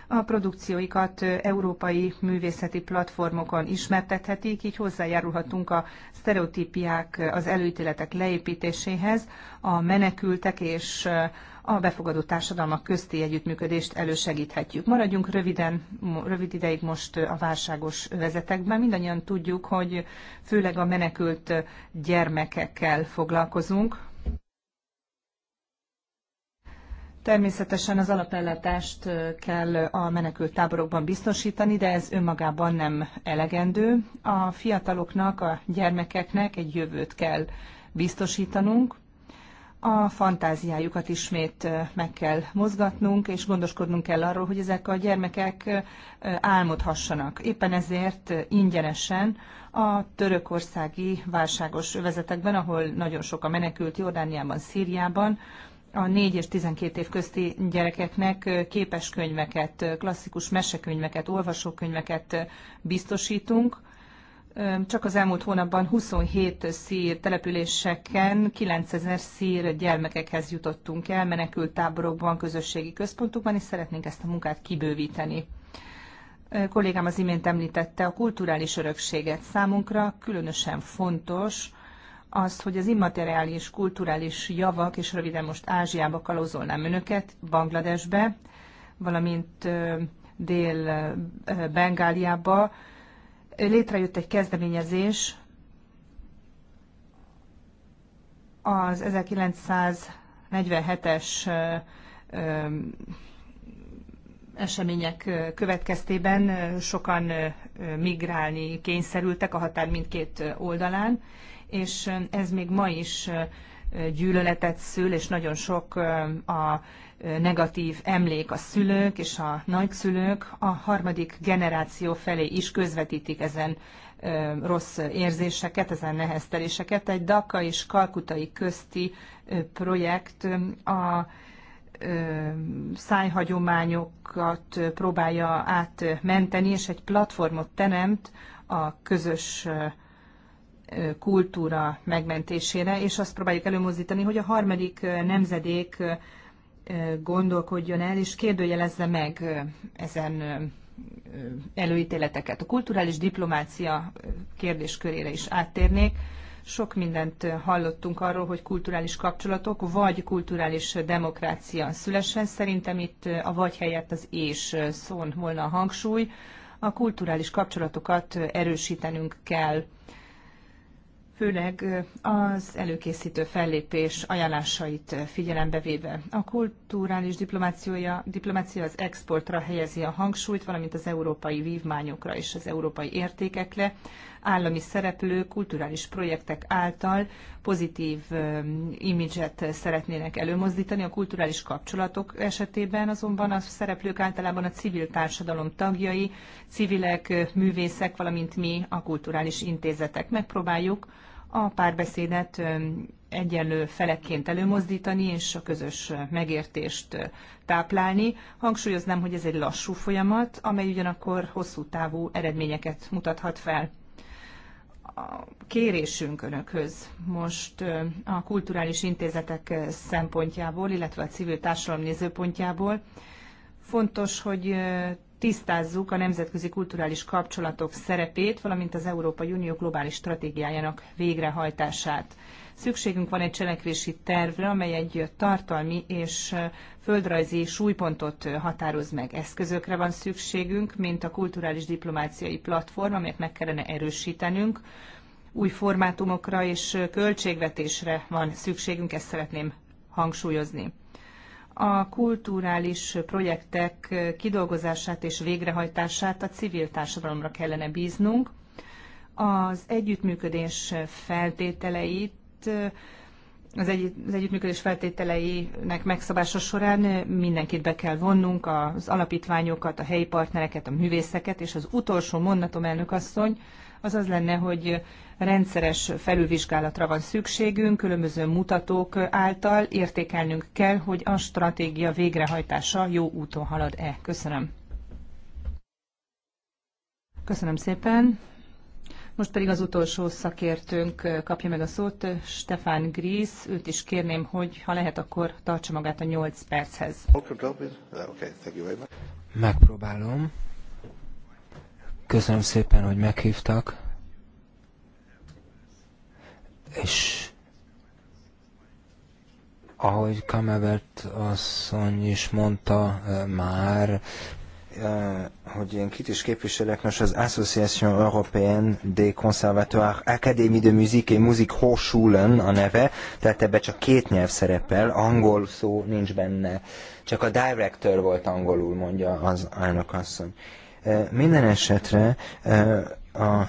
a produkcióikat európai művészeti platformokon ismertethetik, így hozzájárulhatunk a sztereotípiák, az előítéletek leépítéséhez, a menekültek és a befogadó társadalmak közti együttműködést elősegíthetjük. Maradjunk röviden, rövid ideig most a válságos vezetekben. Mindannyian tudjuk, hogy főleg a menekült gyermekekkel foglalkozunk. Természetesen az alapellátást kell a menekült táborokban biztosítani, de ez önmagában nem elegendő. A fiataloknak, a gyermekeknek egy jövőt kell biztosítanunk, a fantáziájukat ismét meg kell mozgatnunk, és gondoskodnunk kell arról, hogy ezek a gyermekek álmodhassanak. Éppen ezért ingyenesen a törökországi válságos övezetekben, ahol nagyon sok a menekült Jordániában, Szíriában, a 4 és 12 év közti gyerekeknek képes könyveket, klasszikus mesekönyveket, olvasókönyveket biztosítunk, csak az elmúlt hónapban 27 szír településeken 9000 szír gyermekekhez jutottunk el, menekült táborokban, közösségi központokban, és szeretnénk ezt a munkát kibővíteni. kollégám az imént említette a kulturális örökséget számunkra, különösen fontos, az, hogy az immateriális kulturális javak, és röviden most Ázsiába kalózolnám önöket, Bangladesbe, valamint Dél-Bengáliába, létrejött egy kezdeményezés az 1947-es események következtében sokan migrálni kényszerültek a határ mindkét oldalán, és ez még ma is gyűlöletet szül, és nagyon sok a negatív emlék a szülők és a nagyszülők a harmadik generáció felé is közvetítik ezen rossz érzéseket, ezen nehezteléseket. Egy Daka és Kalkutai közti projekt a szájhagyományokat próbálja átmenteni, és egy platformot teremt a közös kultúra megmentésére, és azt próbáljuk előmozdítani, hogy a harmadik nemzedék gondolkodjon el, és kérdőjelezze meg ezen előítéleteket. A kulturális diplomácia kérdéskörére is áttérnék. Sok mindent hallottunk arról, hogy kulturális kapcsolatok vagy kulturális demokrácia szülesen. Szerintem itt a vagy helyett az és szón volna a hangsúly. A kulturális kapcsolatokat erősítenünk kell főleg az előkészítő fellépés ajánlásait figyelembe véve. A kulturális diplomációja, diplomácia az exportra helyezi a hangsúlyt, valamint az európai vívmányokra és az európai értékekre. Állami szereplők kulturális projektek által pozitív imidzset szeretnének előmozdítani. A kulturális kapcsolatok esetében azonban a szereplők általában a civil társadalom tagjai, civilek, művészek, valamint mi a kulturális intézetek. Megpróbáljuk a párbeszédet egyenlő felekként előmozdítani és a közös megértést táplálni. Hangsúlyoznám, hogy ez egy lassú folyamat, amely ugyanakkor hosszú távú eredményeket mutathat fel. A kérésünk önökhöz most a kulturális intézetek szempontjából, illetve a civil társadalom nézőpontjából fontos, hogy tisztázzuk a nemzetközi kulturális kapcsolatok szerepét, valamint az Európai Unió globális stratégiájának végrehajtását. Szükségünk van egy cselekvési tervre, amely egy tartalmi és földrajzi súlypontot határoz meg. Eszközökre van szükségünk, mint a kulturális diplomáciai platform, amelyet meg kellene erősítenünk, új formátumokra és költségvetésre van szükségünk, ezt szeretném hangsúlyozni a kulturális projektek kidolgozását és végrehajtását a civil társadalomra kellene bíznunk. Az együttműködés feltételeit az, egy, az együttműködés feltételeinek megszabása során mindenkit be kell vonnunk, az alapítványokat, a helyi partnereket, a művészeket, és az utolsó mondatom, elnök asszony, az az lenne, hogy rendszeres felülvizsgálatra van szükségünk, különböző mutatók által értékelnünk kell, hogy a stratégia végrehajtása jó úton halad-e. Köszönöm. Köszönöm szépen. Most pedig az utolsó szakértőnk kapja meg a szót, Stefan Gris, Őt is kérném, hogy ha lehet, akkor tartsa magát a 8 perchez. Uh, Megpróbálom. Köszönöm szépen, hogy meghívtak. És ahogy Kamevert asszony is mondta már, hogy én kit is képviselek, nos az Association Européenne des Conservatoires Académie de Musique et Musique Hochschulen a neve, tehát ebbe csak két nyelv szerepel, angol szó nincs benne, csak a director volt angolul, mondja az elnök asszony. Minden esetre a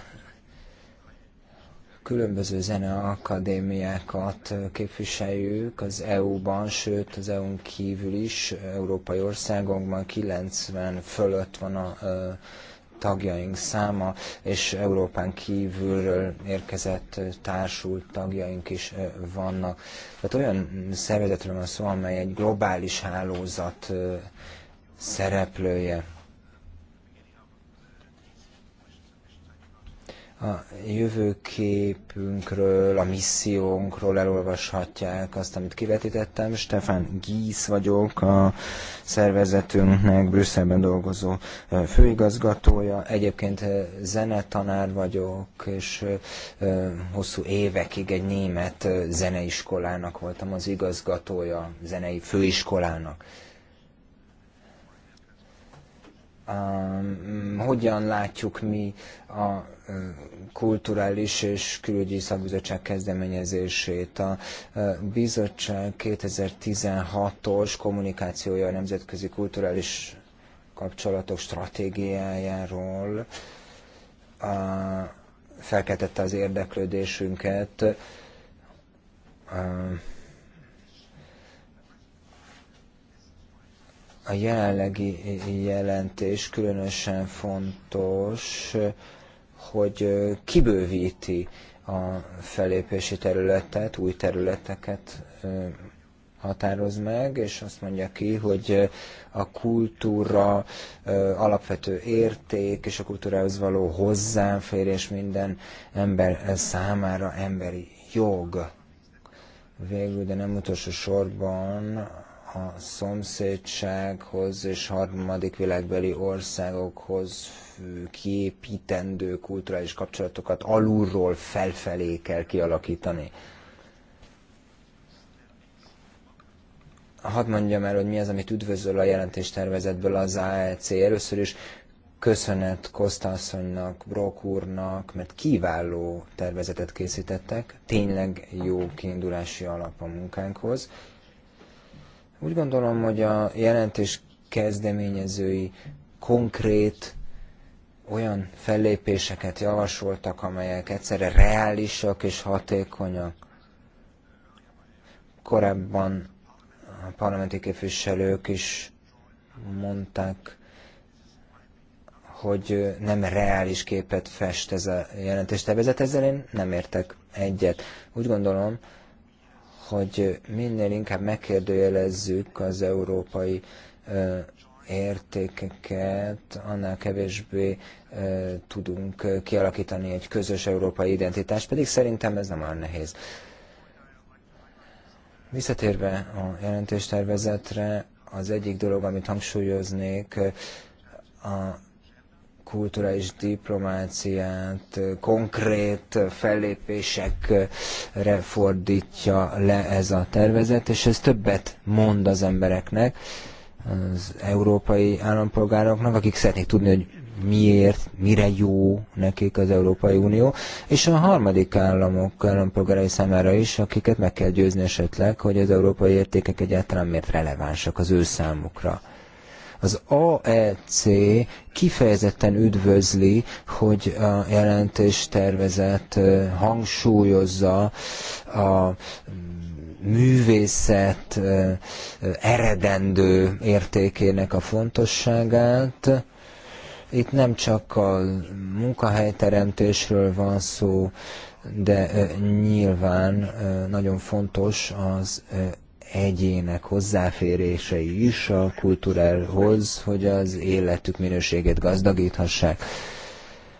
különböző zeneakadémiákat képviseljük az EU-ban, sőt az EU-n kívül is, európai országokban 90 fölött van a tagjaink száma, és Európán kívülről érkezett társult tagjaink is vannak. Tehát olyan szervezetről van szó, amely egy globális hálózat szereplője. a jövőképünkről, a missziónkról elolvashatják azt, amit kivetítettem. Stefan Gísz vagyok, a szervezetünknek Brüsszelben dolgozó főigazgatója. Egyébként zenetanár vagyok, és hosszú évekig egy német zeneiskolának voltam az igazgatója, zenei főiskolának. Um, hogyan látjuk mi a uh, kulturális és külügyi szakbizottság kezdeményezését. A uh, bizottság 2016-os kommunikációja a nemzetközi kulturális kapcsolatok stratégiájáról uh, felkeltette az érdeklődésünket A jelenlegi eh, jelentés különösen fontos, hogy eh, kibővíti a felépési területet, új területeket eh, határoz meg, és azt mondja ki, hogy a kultúra alapvető érték, és a kultúrához való hozzáférés minden ember számára emberi jog. Végül, de nem utolsó sorban a szomszédsághoz és harmadik világbeli országokhoz kiépítendő kulturális kapcsolatokat alulról felfelé kell kialakítani. Hadd mondjam el, hogy mi az, amit üdvözöl a jelentéstervezetből az AEC. Először is köszönet Kosztászonynak, Brok úrnak, mert kiváló tervezetet készítettek, tényleg jó kiindulási alap a munkánkhoz, úgy gondolom, hogy a jelentés kezdeményezői konkrét olyan fellépéseket javasoltak, amelyek egyszerre reálisak és hatékonyak. Korábban a parlamenti képviselők is mondták, hogy nem reális képet fest ez a jelentéstevezet, ezzel én nem értek egyet. Úgy gondolom, hogy minél inkább megkérdőjelezzük az európai értékeket, annál kevésbé tudunk kialakítani egy közös európai identitást, pedig szerintem ez nem olyan nehéz. Visszatérve a jelentéstervezetre, az egyik dolog, amit hangsúlyoznék, a kulturális diplomáciát konkrét fellépésekre fordítja le ez a tervezet, és ez többet mond az embereknek, az európai állampolgároknak, akik szeretnék tudni, hogy miért, mire jó nekik az Európai Unió, és a harmadik államok állampolgárai számára is, akiket meg kell győzni esetleg, hogy az európai értékek egyáltalán miért relevánsak az ő számukra. Az AEC kifejezetten üdvözli, hogy a jelentés tervezet hangsúlyozza a mm, művészet eredendő értékének a fontosságát. Itt nem csak a munkahelyteremtésről van szó, de nyilván nagyon fontos az egyének hozzáférése is a kultúrához, hogy az életük minőségét gazdagíthassák.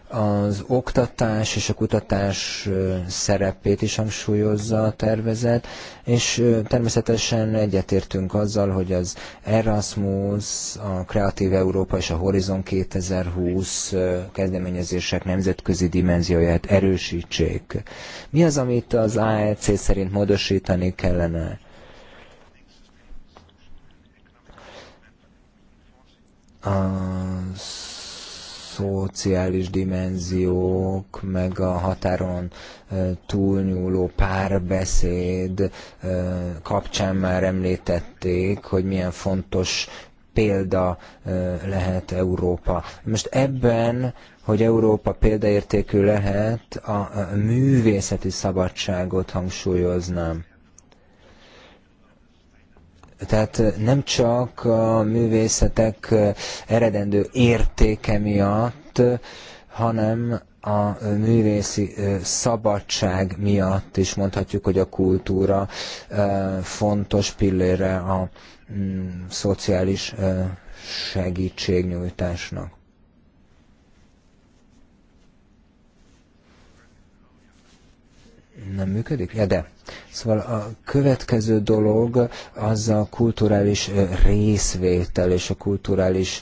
Az oktatás és a kutatás szerepét is hangsúlyozza a tervezet, és természetesen egyetértünk azzal, hogy az Erasmus, a Kreatív Európa és a Horizon 2020 kezdeményezések nemzetközi dimenzióját erősítsék. Mi az, amit az AEC szerint módosítani kellene? a szociális dimenziók, meg a határon túlnyúló párbeszéd kapcsán már említették, hogy milyen fontos példa lehet Európa. Most ebben, hogy Európa példaértékű lehet, a művészeti szabadságot hangsúlyoznám tehát nem csak a művészetek eredendő értéke miatt, hanem a művészi szabadság miatt is mondhatjuk, hogy a kultúra fontos pillére a mm, szociális segítségnyújtásnak. nem működik? Ja, de. Szóval a következő dolog az a kulturális részvétel és a kulturális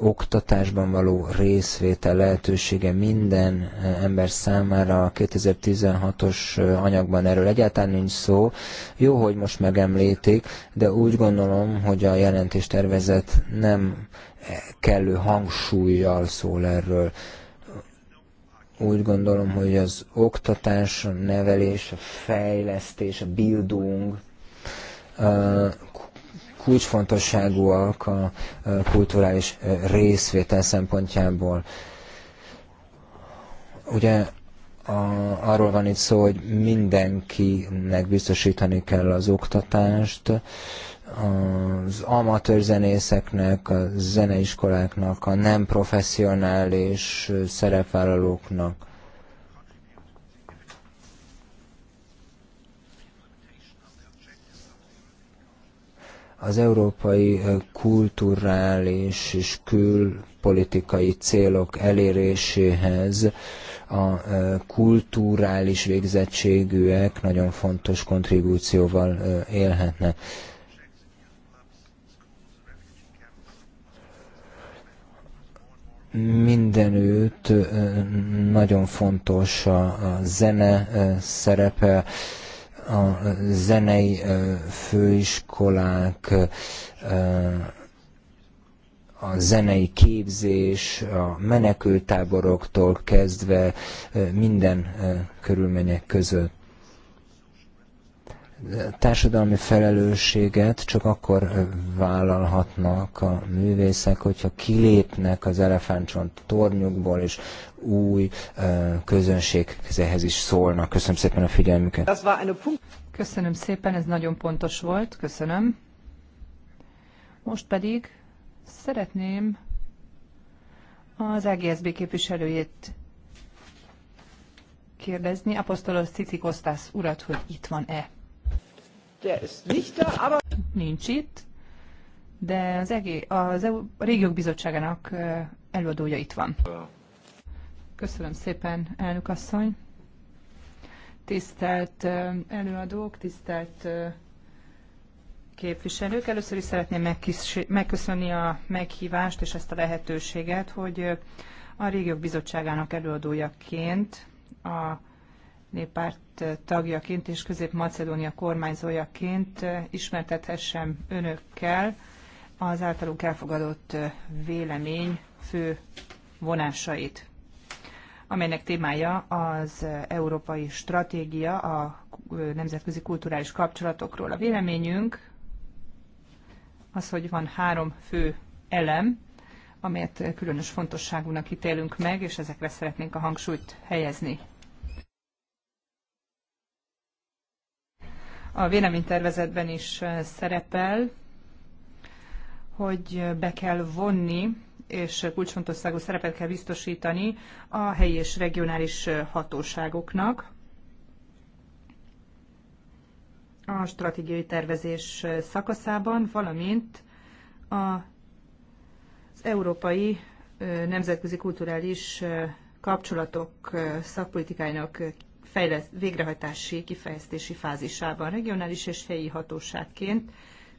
oktatásban való részvétel lehetősége minden ember számára a 2016-os anyagban erről egyáltalán nincs szó. Jó, hogy most megemlítik, de úgy gondolom, hogy a jelentéstervezet nem e, kellő hangsúlyjal szól erről úgy gondolom, hogy az oktatás, a nevelés, a fejlesztés, a bildung kulcsfontosságúak a kulturális részvétel szempontjából. Ugye a, arról van itt szó, hogy mindenkinek biztosítani kell az oktatást, az amatőr zenészeknek, a zeneiskoláknak, a nem professzionális szerepvállalóknak. Az európai kulturális és külpolitikai célok eléréséhez a kulturális végzettségűek nagyon fontos kontribúcióval élhetnek. mindenütt nagyon fontos a, zene szerepe, a zenei főiskolák, a zenei képzés, a menekültáboroktól kezdve minden körülmények között társadalmi felelősséget csak akkor vállalhatnak a művészek, hogyha kilépnek az elefántcsont tornyukból, és új közönséghez is szólnak. Köszönöm szépen a figyelmüket. Köszönöm szépen, ez nagyon pontos volt, köszönöm. Most pedig szeretném az EGSB képviselőjét kérdezni, Apostolos Kostász urat, hogy itt van-e. Nincs itt, de az, EG, az EU, a Régiók Bizottságának előadója itt van. Köszönöm szépen, elnök asszony. Tisztelt előadók, tisztelt képviselők. Először is szeretném megköszönni a meghívást és ezt a lehetőséget, hogy a Régiók Bizottságának előadójaként a néppárt tagjaként és Közép-Macedónia kormányzójaként ismertethessem önökkel az általunk elfogadott vélemény fő vonásait, amelynek témája az Európai Stratégia a nemzetközi kulturális kapcsolatokról. A véleményünk az, hogy van három fő elem, amelyet különös fontosságúnak ítélünk meg, és ezekre szeretnénk a hangsúlyt helyezni. A véleménytervezetben is szerepel, hogy be kell vonni és kulcsfontosságú szerepet kell biztosítani a helyi és regionális hatóságoknak. a stratégiai tervezés szakaszában, valamint a, az európai nemzetközi kulturális kapcsolatok szakpolitikájának fejleszt, végrehajtási, kifejeztési fázisában. Regionális és helyi hatóságként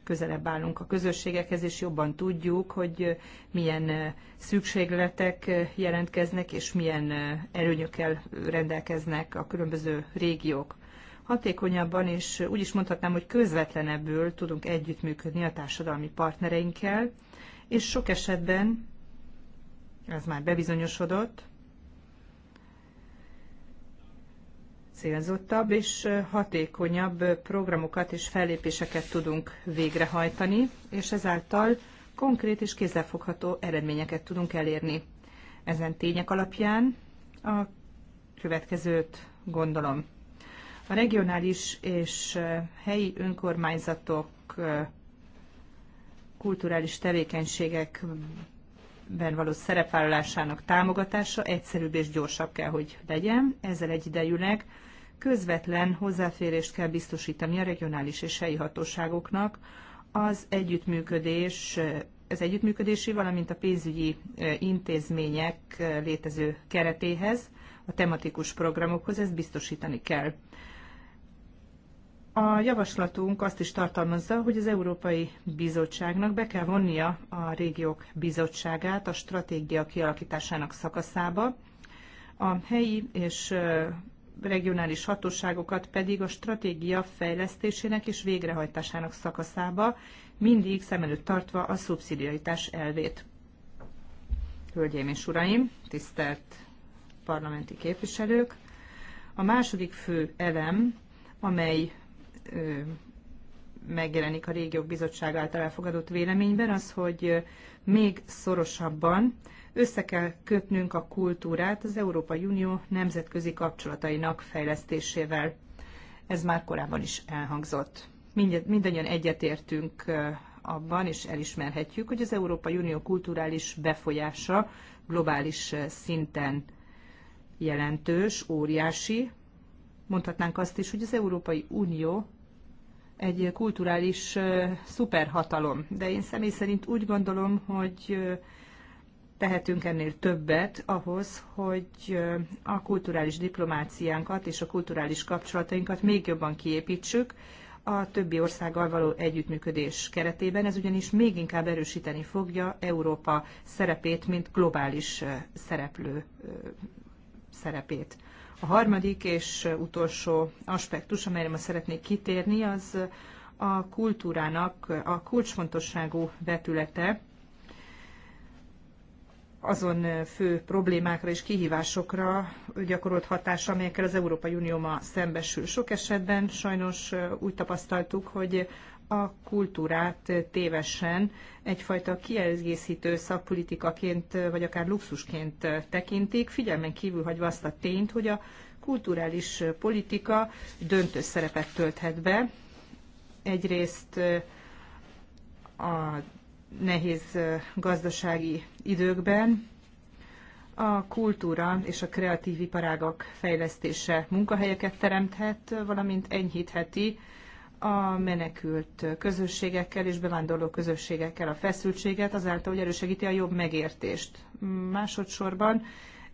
közelebb állunk a közösségekhez, és jobban tudjuk, hogy milyen szükségletek jelentkeznek, és milyen előnyökkel rendelkeznek a különböző régiók. Hatékonyabban, és úgy is mondhatnám, hogy közvetlenebbül tudunk együttműködni a társadalmi partnereinkkel, és sok esetben, ez már bebizonyosodott, célzottabb és hatékonyabb programokat és fellépéseket tudunk végrehajtani, és ezáltal konkrét és kézzelfogható eredményeket tudunk elérni. Ezen tények alapján a következőt gondolom. A regionális és helyi önkormányzatok kulturális tevékenységekben való szerepvállalásának támogatása egyszerűbb és gyorsabb kell, hogy legyen. Ezzel egyidejűleg közvetlen hozzáférést kell biztosítani a regionális és helyi hatóságoknak az együttműködés, az együttműködési, valamint a pénzügyi intézmények létező keretéhez, a tematikus programokhoz, ezt biztosítani kell. A javaslatunk azt is tartalmazza, hogy az Európai Bizottságnak be kell vonnia a régiók bizottságát a stratégia kialakításának szakaszába. A helyi és regionális hatóságokat pedig a stratégia fejlesztésének és végrehajtásának szakaszába, mindig szem előtt tartva a szubszidiaritás elvét. Hölgyeim és Uraim, tisztelt parlamenti képviselők! A második fő elem, amely ö, megjelenik a régiók bizottság által elfogadott véleményben, az, hogy még szorosabban össze kell kötnünk a kultúrát az Európai Unió nemzetközi kapcsolatainak fejlesztésével. Ez már korábban is elhangzott. Mindannyian egyetértünk abban, és elismerhetjük, hogy az Európai Unió kulturális befolyása globális szinten jelentős, óriási. Mondhatnánk azt is, hogy az Európai Unió egy kulturális szuperhatalom. De én személy szerint úgy gondolom, hogy tehetünk ennél többet ahhoz, hogy a kulturális diplomáciánkat és a kulturális kapcsolatainkat még jobban kiépítsük a többi országgal való együttműködés keretében. Ez ugyanis még inkább erősíteni fogja Európa szerepét, mint globális szereplő szerepét. A harmadik és utolsó aspektus, amelyre ma szeretnék kitérni, az a kultúrának a kulcsfontosságú vetülete, azon fő problémákra és kihívásokra gyakorolt hatása, amelyekkel az Európai Unió ma szembesül. Sok esetben sajnos úgy tapasztaltuk, hogy a kultúrát tévesen egyfajta kiegészítő szakpolitikaként, vagy akár luxusként tekintik, figyelmen kívül hagyva azt a tényt, hogy a kulturális politika döntő szerepet tölthet be. Egyrészt a nehéz gazdasági időkben a kultúra és a kreatív iparágak fejlesztése munkahelyeket teremthet, valamint enyhítheti a menekült közösségekkel és bevándorló közösségekkel a feszültséget, azáltal, hogy elősegíti a jobb megértést. Másodszorban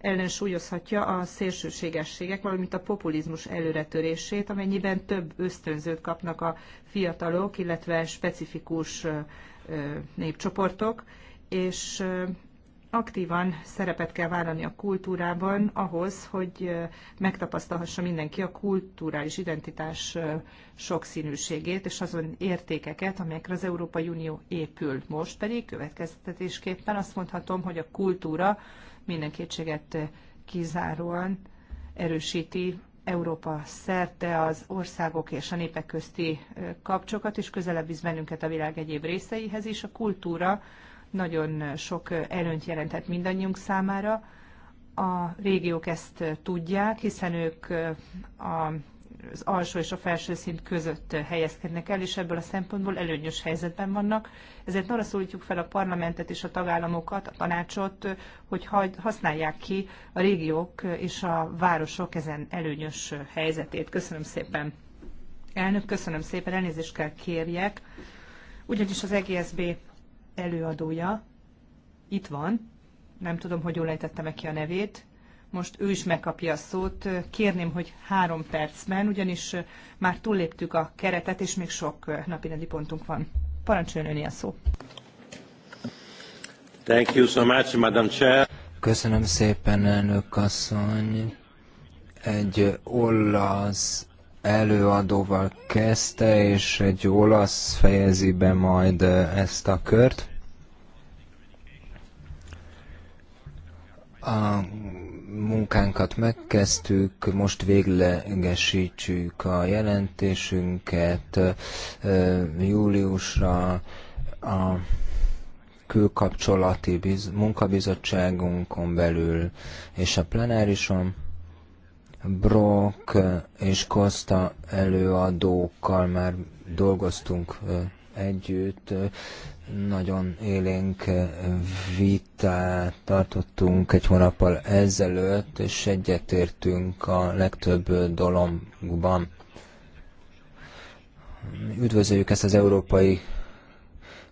ellensúlyozhatja a szélsőségességek, valamint a populizmus előretörését, amennyiben több ösztönzőt kapnak a fiatalok, illetve specifikus népcsoportok, és aktívan szerepet kell vállalni a kultúrában ahhoz, hogy megtapasztalhassa mindenki a kulturális identitás sokszínűségét és azon értékeket, amelyekre az Európai Unió épül. Most pedig következtetésképpen azt mondhatom, hogy a kultúra minden kétséget kizáróan erősíti Európa szerte az országok és a népek közti kapcsokat, és közelebb visz bennünket a világ egyéb részeihez is. A kultúra nagyon sok előnyt jelentett mindannyiunk számára. A régiók ezt tudják, hiszen ők a az alsó és a felső szint között helyezkednek el, és ebből a szempontból előnyös helyzetben vannak. Ezért arra szólítjuk fel a parlamentet és a tagállamokat, a tanácsot, hogy használják ki a régiók és a városok ezen előnyös helyzetét. Köszönöm szépen. Elnök, köszönöm szépen, elnézést kell kérjek, ugyanis az EGSB előadója itt van, nem tudom, hogy jól ejtettem -e ki a nevét, most ő is megkapja a szót. Kérném, hogy három percben, ugyanis már túlléptük a keretet, és még sok napirendi pontunk van. Parancsoljon önni a szó. Thank you so much, Madam Chair. Köszönöm szépen, elnök asszony. Egy olasz előadóval kezdte, és egy olasz fejezi be majd ezt a kört. A munkánkat megkezdtük, most véglegesítsük a jelentésünket júliusra a külkapcsolati biz, munkabizottságunkon belül és a plenárison Brock és Costa előadókkal már dolgoztunk együtt nagyon élénk vitát tartottunk egy hónappal ezelőtt, és egyetértünk a legtöbb dologban. Üdvözöljük ezt az európai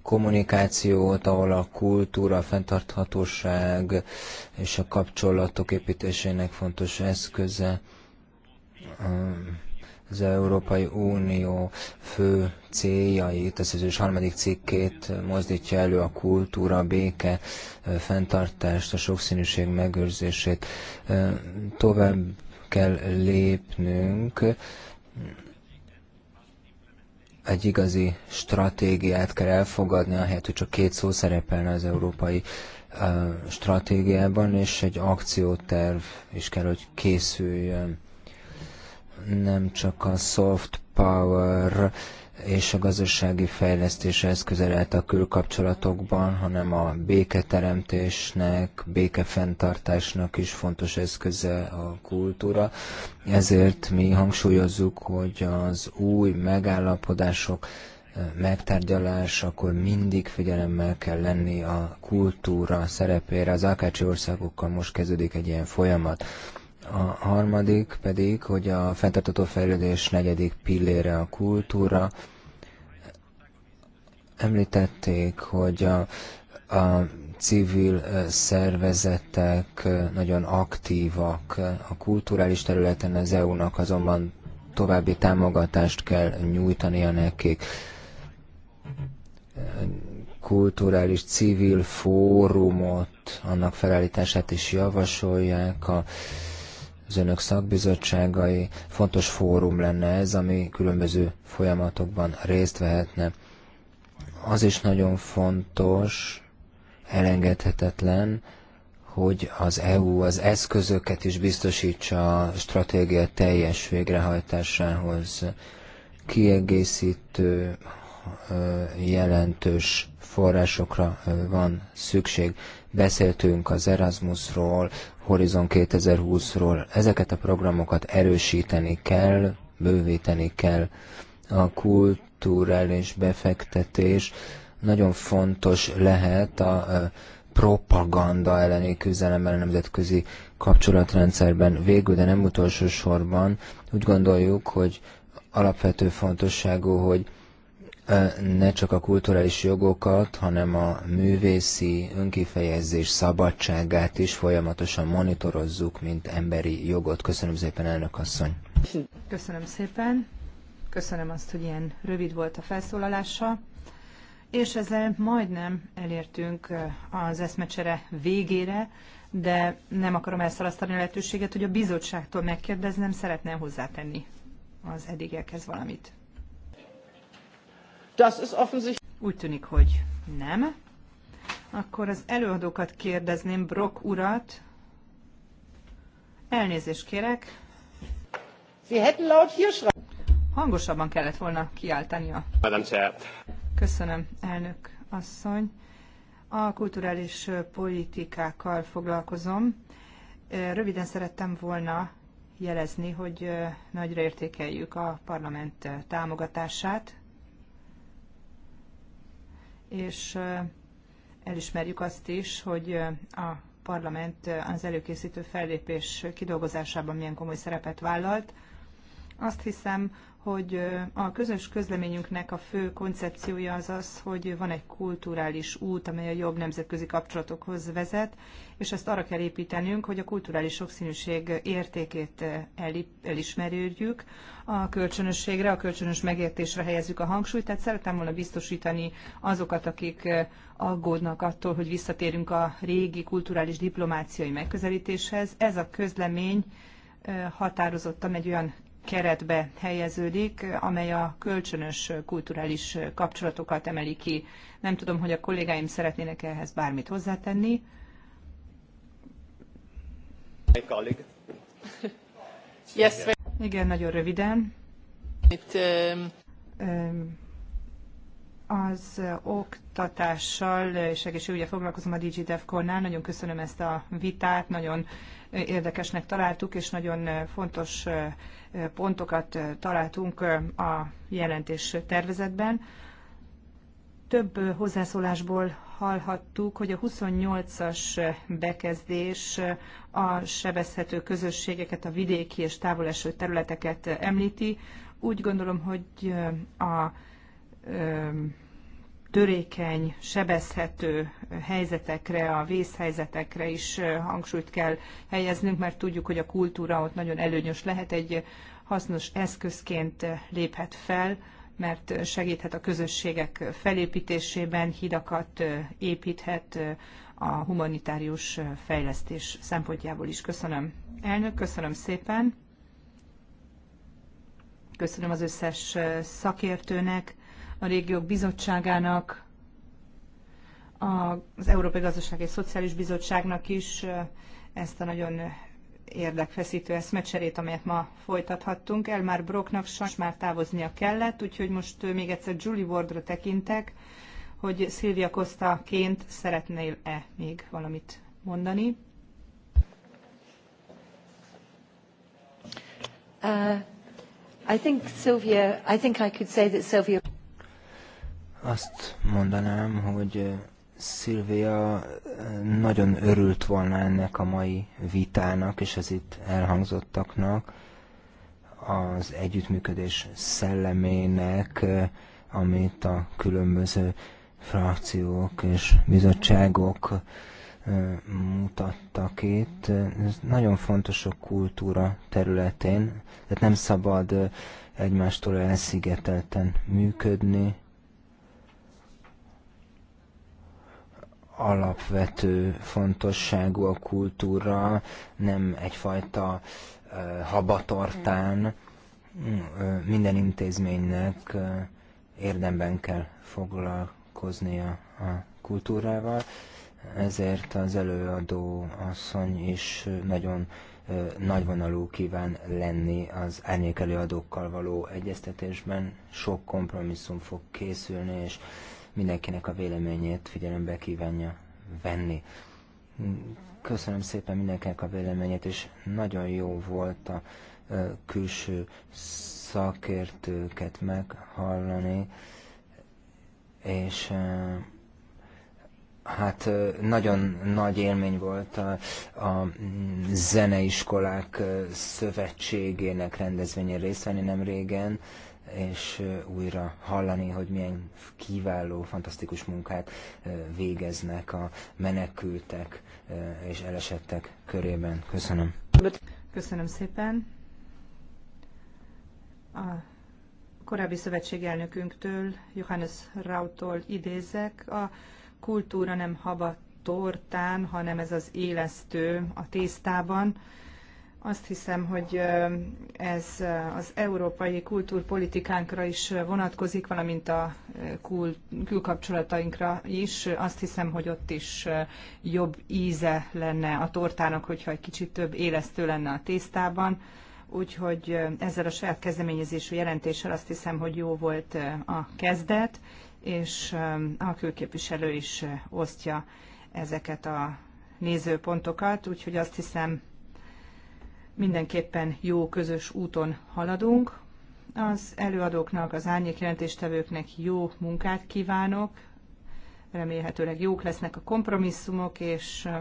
kommunikációt, ahol a kultúra, a fenntarthatóság és a kapcsolatok építésének fontos eszköze az Európai Unió fő céljait, a szerződés harmadik cikkét mozdítja elő a kultúra, a béke, fenntartást, a sokszínűség megőrzését. Tovább kell lépnünk, egy igazi stratégiát kell elfogadni, ahelyett, hogy csak két szó szerepelne az európai stratégiában, és egy akcióterv is kell, hogy készüljön nem csak a soft power és a gazdasági fejlesztéshez közel állt a külkapcsolatokban, hanem a béketeremtésnek, békefenntartásnak is fontos eszköze a kultúra. Ezért mi hangsúlyozzuk, hogy az új megállapodások eh, akkor mindig figyelemmel kell lenni a kultúra szerepére. Az Akácsi országokkal most kezdődik egy ilyen folyamat. A harmadik pedig, hogy a fenntartató fejlődés negyedik pillére a kultúra. Említették, hogy a, a civil szervezetek nagyon aktívak a kulturális területen, az EU-nak azonban további támogatást kell nyújtania nekik. Kulturális civil fórumot, annak felállítását is javasolják a az önök szakbizottságai, fontos fórum lenne ez, ami különböző folyamatokban részt vehetne. Az is nagyon fontos, elengedhetetlen, hogy az EU az eszközöket is biztosítsa a stratégia teljes végrehajtásához kiegészítő jelentős forrásokra van szükség. Beszéltünk az Erasmusról, Horizon 2020-ról, ezeket a programokat erősíteni kell, bővíteni kell. A kulturális befektetés nagyon fontos lehet a propaganda elleni küzdelemben a nemzetközi kapcsolatrendszerben végül, de nem utolsó sorban. Úgy gondoljuk, hogy alapvető fontosságú, hogy ne csak a kulturális jogokat, hanem a művészi önkifejezés szabadságát is folyamatosan monitorozzuk, mint emberi jogot. Köszönöm szépen, elnök asszony! Köszönöm szépen! Köszönöm azt, hogy ilyen rövid volt a felszólalása, és ezzel majdnem elértünk az eszmecsere végére, de nem akarom elszalasztani a lehetőséget, hogy a bizottságtól megkérdeznem, szeretném hozzátenni az eddigekhez valamit. Das ist offensichtlich. Úgy tűnik, hogy nem. Akkor az előadókat kérdezném, Brock urat. Elnézést kérek. Sie hätten laut hier schreiben. Hangosabban kellett volna kiáltania. Madame Köszönöm, elnök asszony. A kulturális politikákkal foglalkozom. Röviden szerettem volna jelezni, hogy nagyra értékeljük a parlament támogatását és elismerjük azt is, hogy a parlament az előkészítő fellépés kidolgozásában milyen komoly szerepet vállalt, azt hiszem, hogy a közös közleményünknek a fő koncepciója az az, hogy van egy kulturális út, amely a jobb nemzetközi kapcsolatokhoz vezet, és ezt arra kell építenünk, hogy a kulturális sokszínűség értékét elismerjük, a kölcsönösségre, a kölcsönös megértésre helyezzük a hangsúlyt, tehát szeretem volna biztosítani azokat, akik aggódnak attól, hogy visszatérünk a régi kulturális diplomáciai megközelítéshez. Ez a közlemény határozottan egy olyan keretbe helyeződik, amely a kölcsönös kulturális kapcsolatokat emeli ki. Nem tudom, hogy a kollégáim szeretnének ehhez bármit hozzátenni. Yes. Igen, nagyon röviden. um... Az oktatással és egészségügyel foglalkozom a DigiDevCon-nál. Nagyon köszönöm ezt a vitát, nagyon érdekesnek találtuk, és nagyon fontos pontokat találtunk a jelentés tervezetben. Több hozzászólásból hallhattuk, hogy a 28-as bekezdés a sebezhető közösségeket, a vidéki és távoleső területeket említi. Úgy gondolom, hogy a törékeny, sebezhető helyzetekre, a vészhelyzetekre is hangsúlyt kell helyeznünk, mert tudjuk, hogy a kultúra ott nagyon előnyös lehet, egy hasznos eszközként léphet fel, mert segíthet a közösségek felépítésében, hidakat építhet a humanitárius fejlesztés szempontjából is. Köszönöm. Elnök, köszönöm szépen. Köszönöm az összes szakértőnek a Régiók Bizottságának, az Európai Gazdaság és Szociális Bizottságnak is ezt a nagyon érdekfeszítő eszmecserét, amelyet ma folytathattunk. Elmar Brocknak sajnos már távoznia kellett, úgyhogy most még egyszer Julie Wardra tekintek, hogy Szilvia Costa-ként szeretnél-e még valamit mondani? Uh, I think Sylvia, I think I could say that Sylvia azt mondanám, hogy Szilvia nagyon örült volna ennek a mai vitának és az itt elhangzottaknak, az együttműködés szellemének, amit a különböző frakciók és bizottságok mutattak itt. Ez nagyon fontos a kultúra területén, tehát nem szabad egymástól elszigetelten működni, alapvető fontosságú a kultúra, nem egyfajta habatortán minden intézménynek érdemben kell foglalkoznia a kultúrával, ezért az előadó asszony is nagyon nagyvonalú kíván lenni az árnyékelőadókkal való egyeztetésben, sok kompromisszum fog készülni, és mindenkinek a véleményét figyelembe kívánja venni. Köszönöm szépen mindenkinek a véleményét, és nagyon jó volt a külső szakértőket meghallani, és hát nagyon nagy élmény volt a, a Zeneiskolák Szövetségének rendezvényen részt venni nem régen, és újra hallani, hogy milyen kiváló, fantasztikus munkát végeznek a menekültek és elesettek körében. Köszönöm. Köszönöm szépen. A korábbi elnökünktől, Johannes Rautól idézek, a kultúra nem haba tortán, hanem ez az élesztő a tésztában. Azt hiszem, hogy ez az európai kultúrpolitikánkra is vonatkozik, valamint a kül- külkapcsolatainkra is. Azt hiszem, hogy ott is jobb íze lenne a tortának, hogyha egy kicsit több élesztő lenne a tésztában. Úgyhogy ezzel a saját kezdeményezésű jelentéssel azt hiszem, hogy jó volt a kezdet, és a külképviselő is osztja ezeket a nézőpontokat, úgyhogy azt hiszem, Mindenképpen jó közös úton haladunk. Az előadóknak, az árnyékjelentéstevőknek jó munkát kívánok. Remélhetőleg jók lesznek a kompromisszumok, és eh,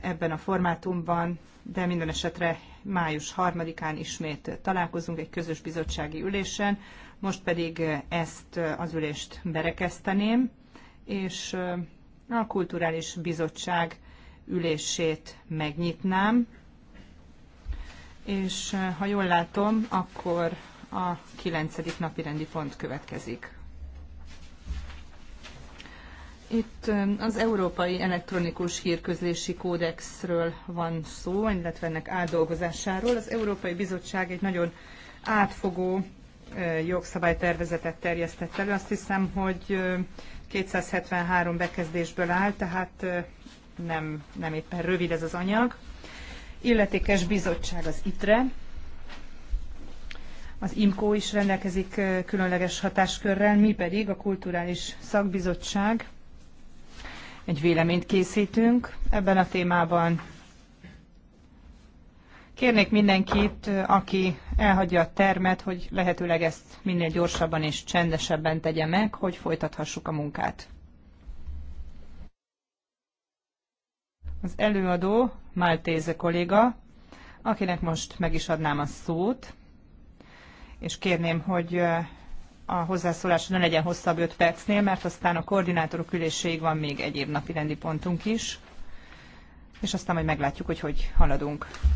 ebben a formátumban, de minden esetre május 3-án ismét találkozunk egy közös bizottsági ülésen. Most pedig eh, ezt eh, az ülést berekezteném, és a Kulturális Bizottság ülését megnyitnám és eh, ha jól látom, akkor a kilencedik napi rendi pont következik. Itt eh, az Európai Elektronikus Hírközlési Kódexről van szó, illetve ennek átdolgozásáról. Az Európai Bizottság egy nagyon átfogó eh, jogszabálytervezetet terjesztett elő. Azt hiszem, hogy 273 bekezdésből áll, tehát nem, nem éppen rövid ez az anyag illetékes bizottság az ITRE, az IMCO is rendelkezik különleges hatáskörrel, mi pedig a Kulturális Szakbizottság egy véleményt készítünk ebben a témában. Kérnék mindenkit, aki elhagyja a termet, hogy lehetőleg ezt minél gyorsabban és csendesebben tegye meg, hogy folytathassuk a munkát. Az előadó Máltéze kolléga, akinek most meg is adnám a szót, és kérném, hogy a hozzászólás ne legyen hosszabb 5 percnél, mert aztán a koordinátorok üléséig van még egyéb napi rendi pontunk is, és aztán majd meglátjuk, hogy hogy haladunk.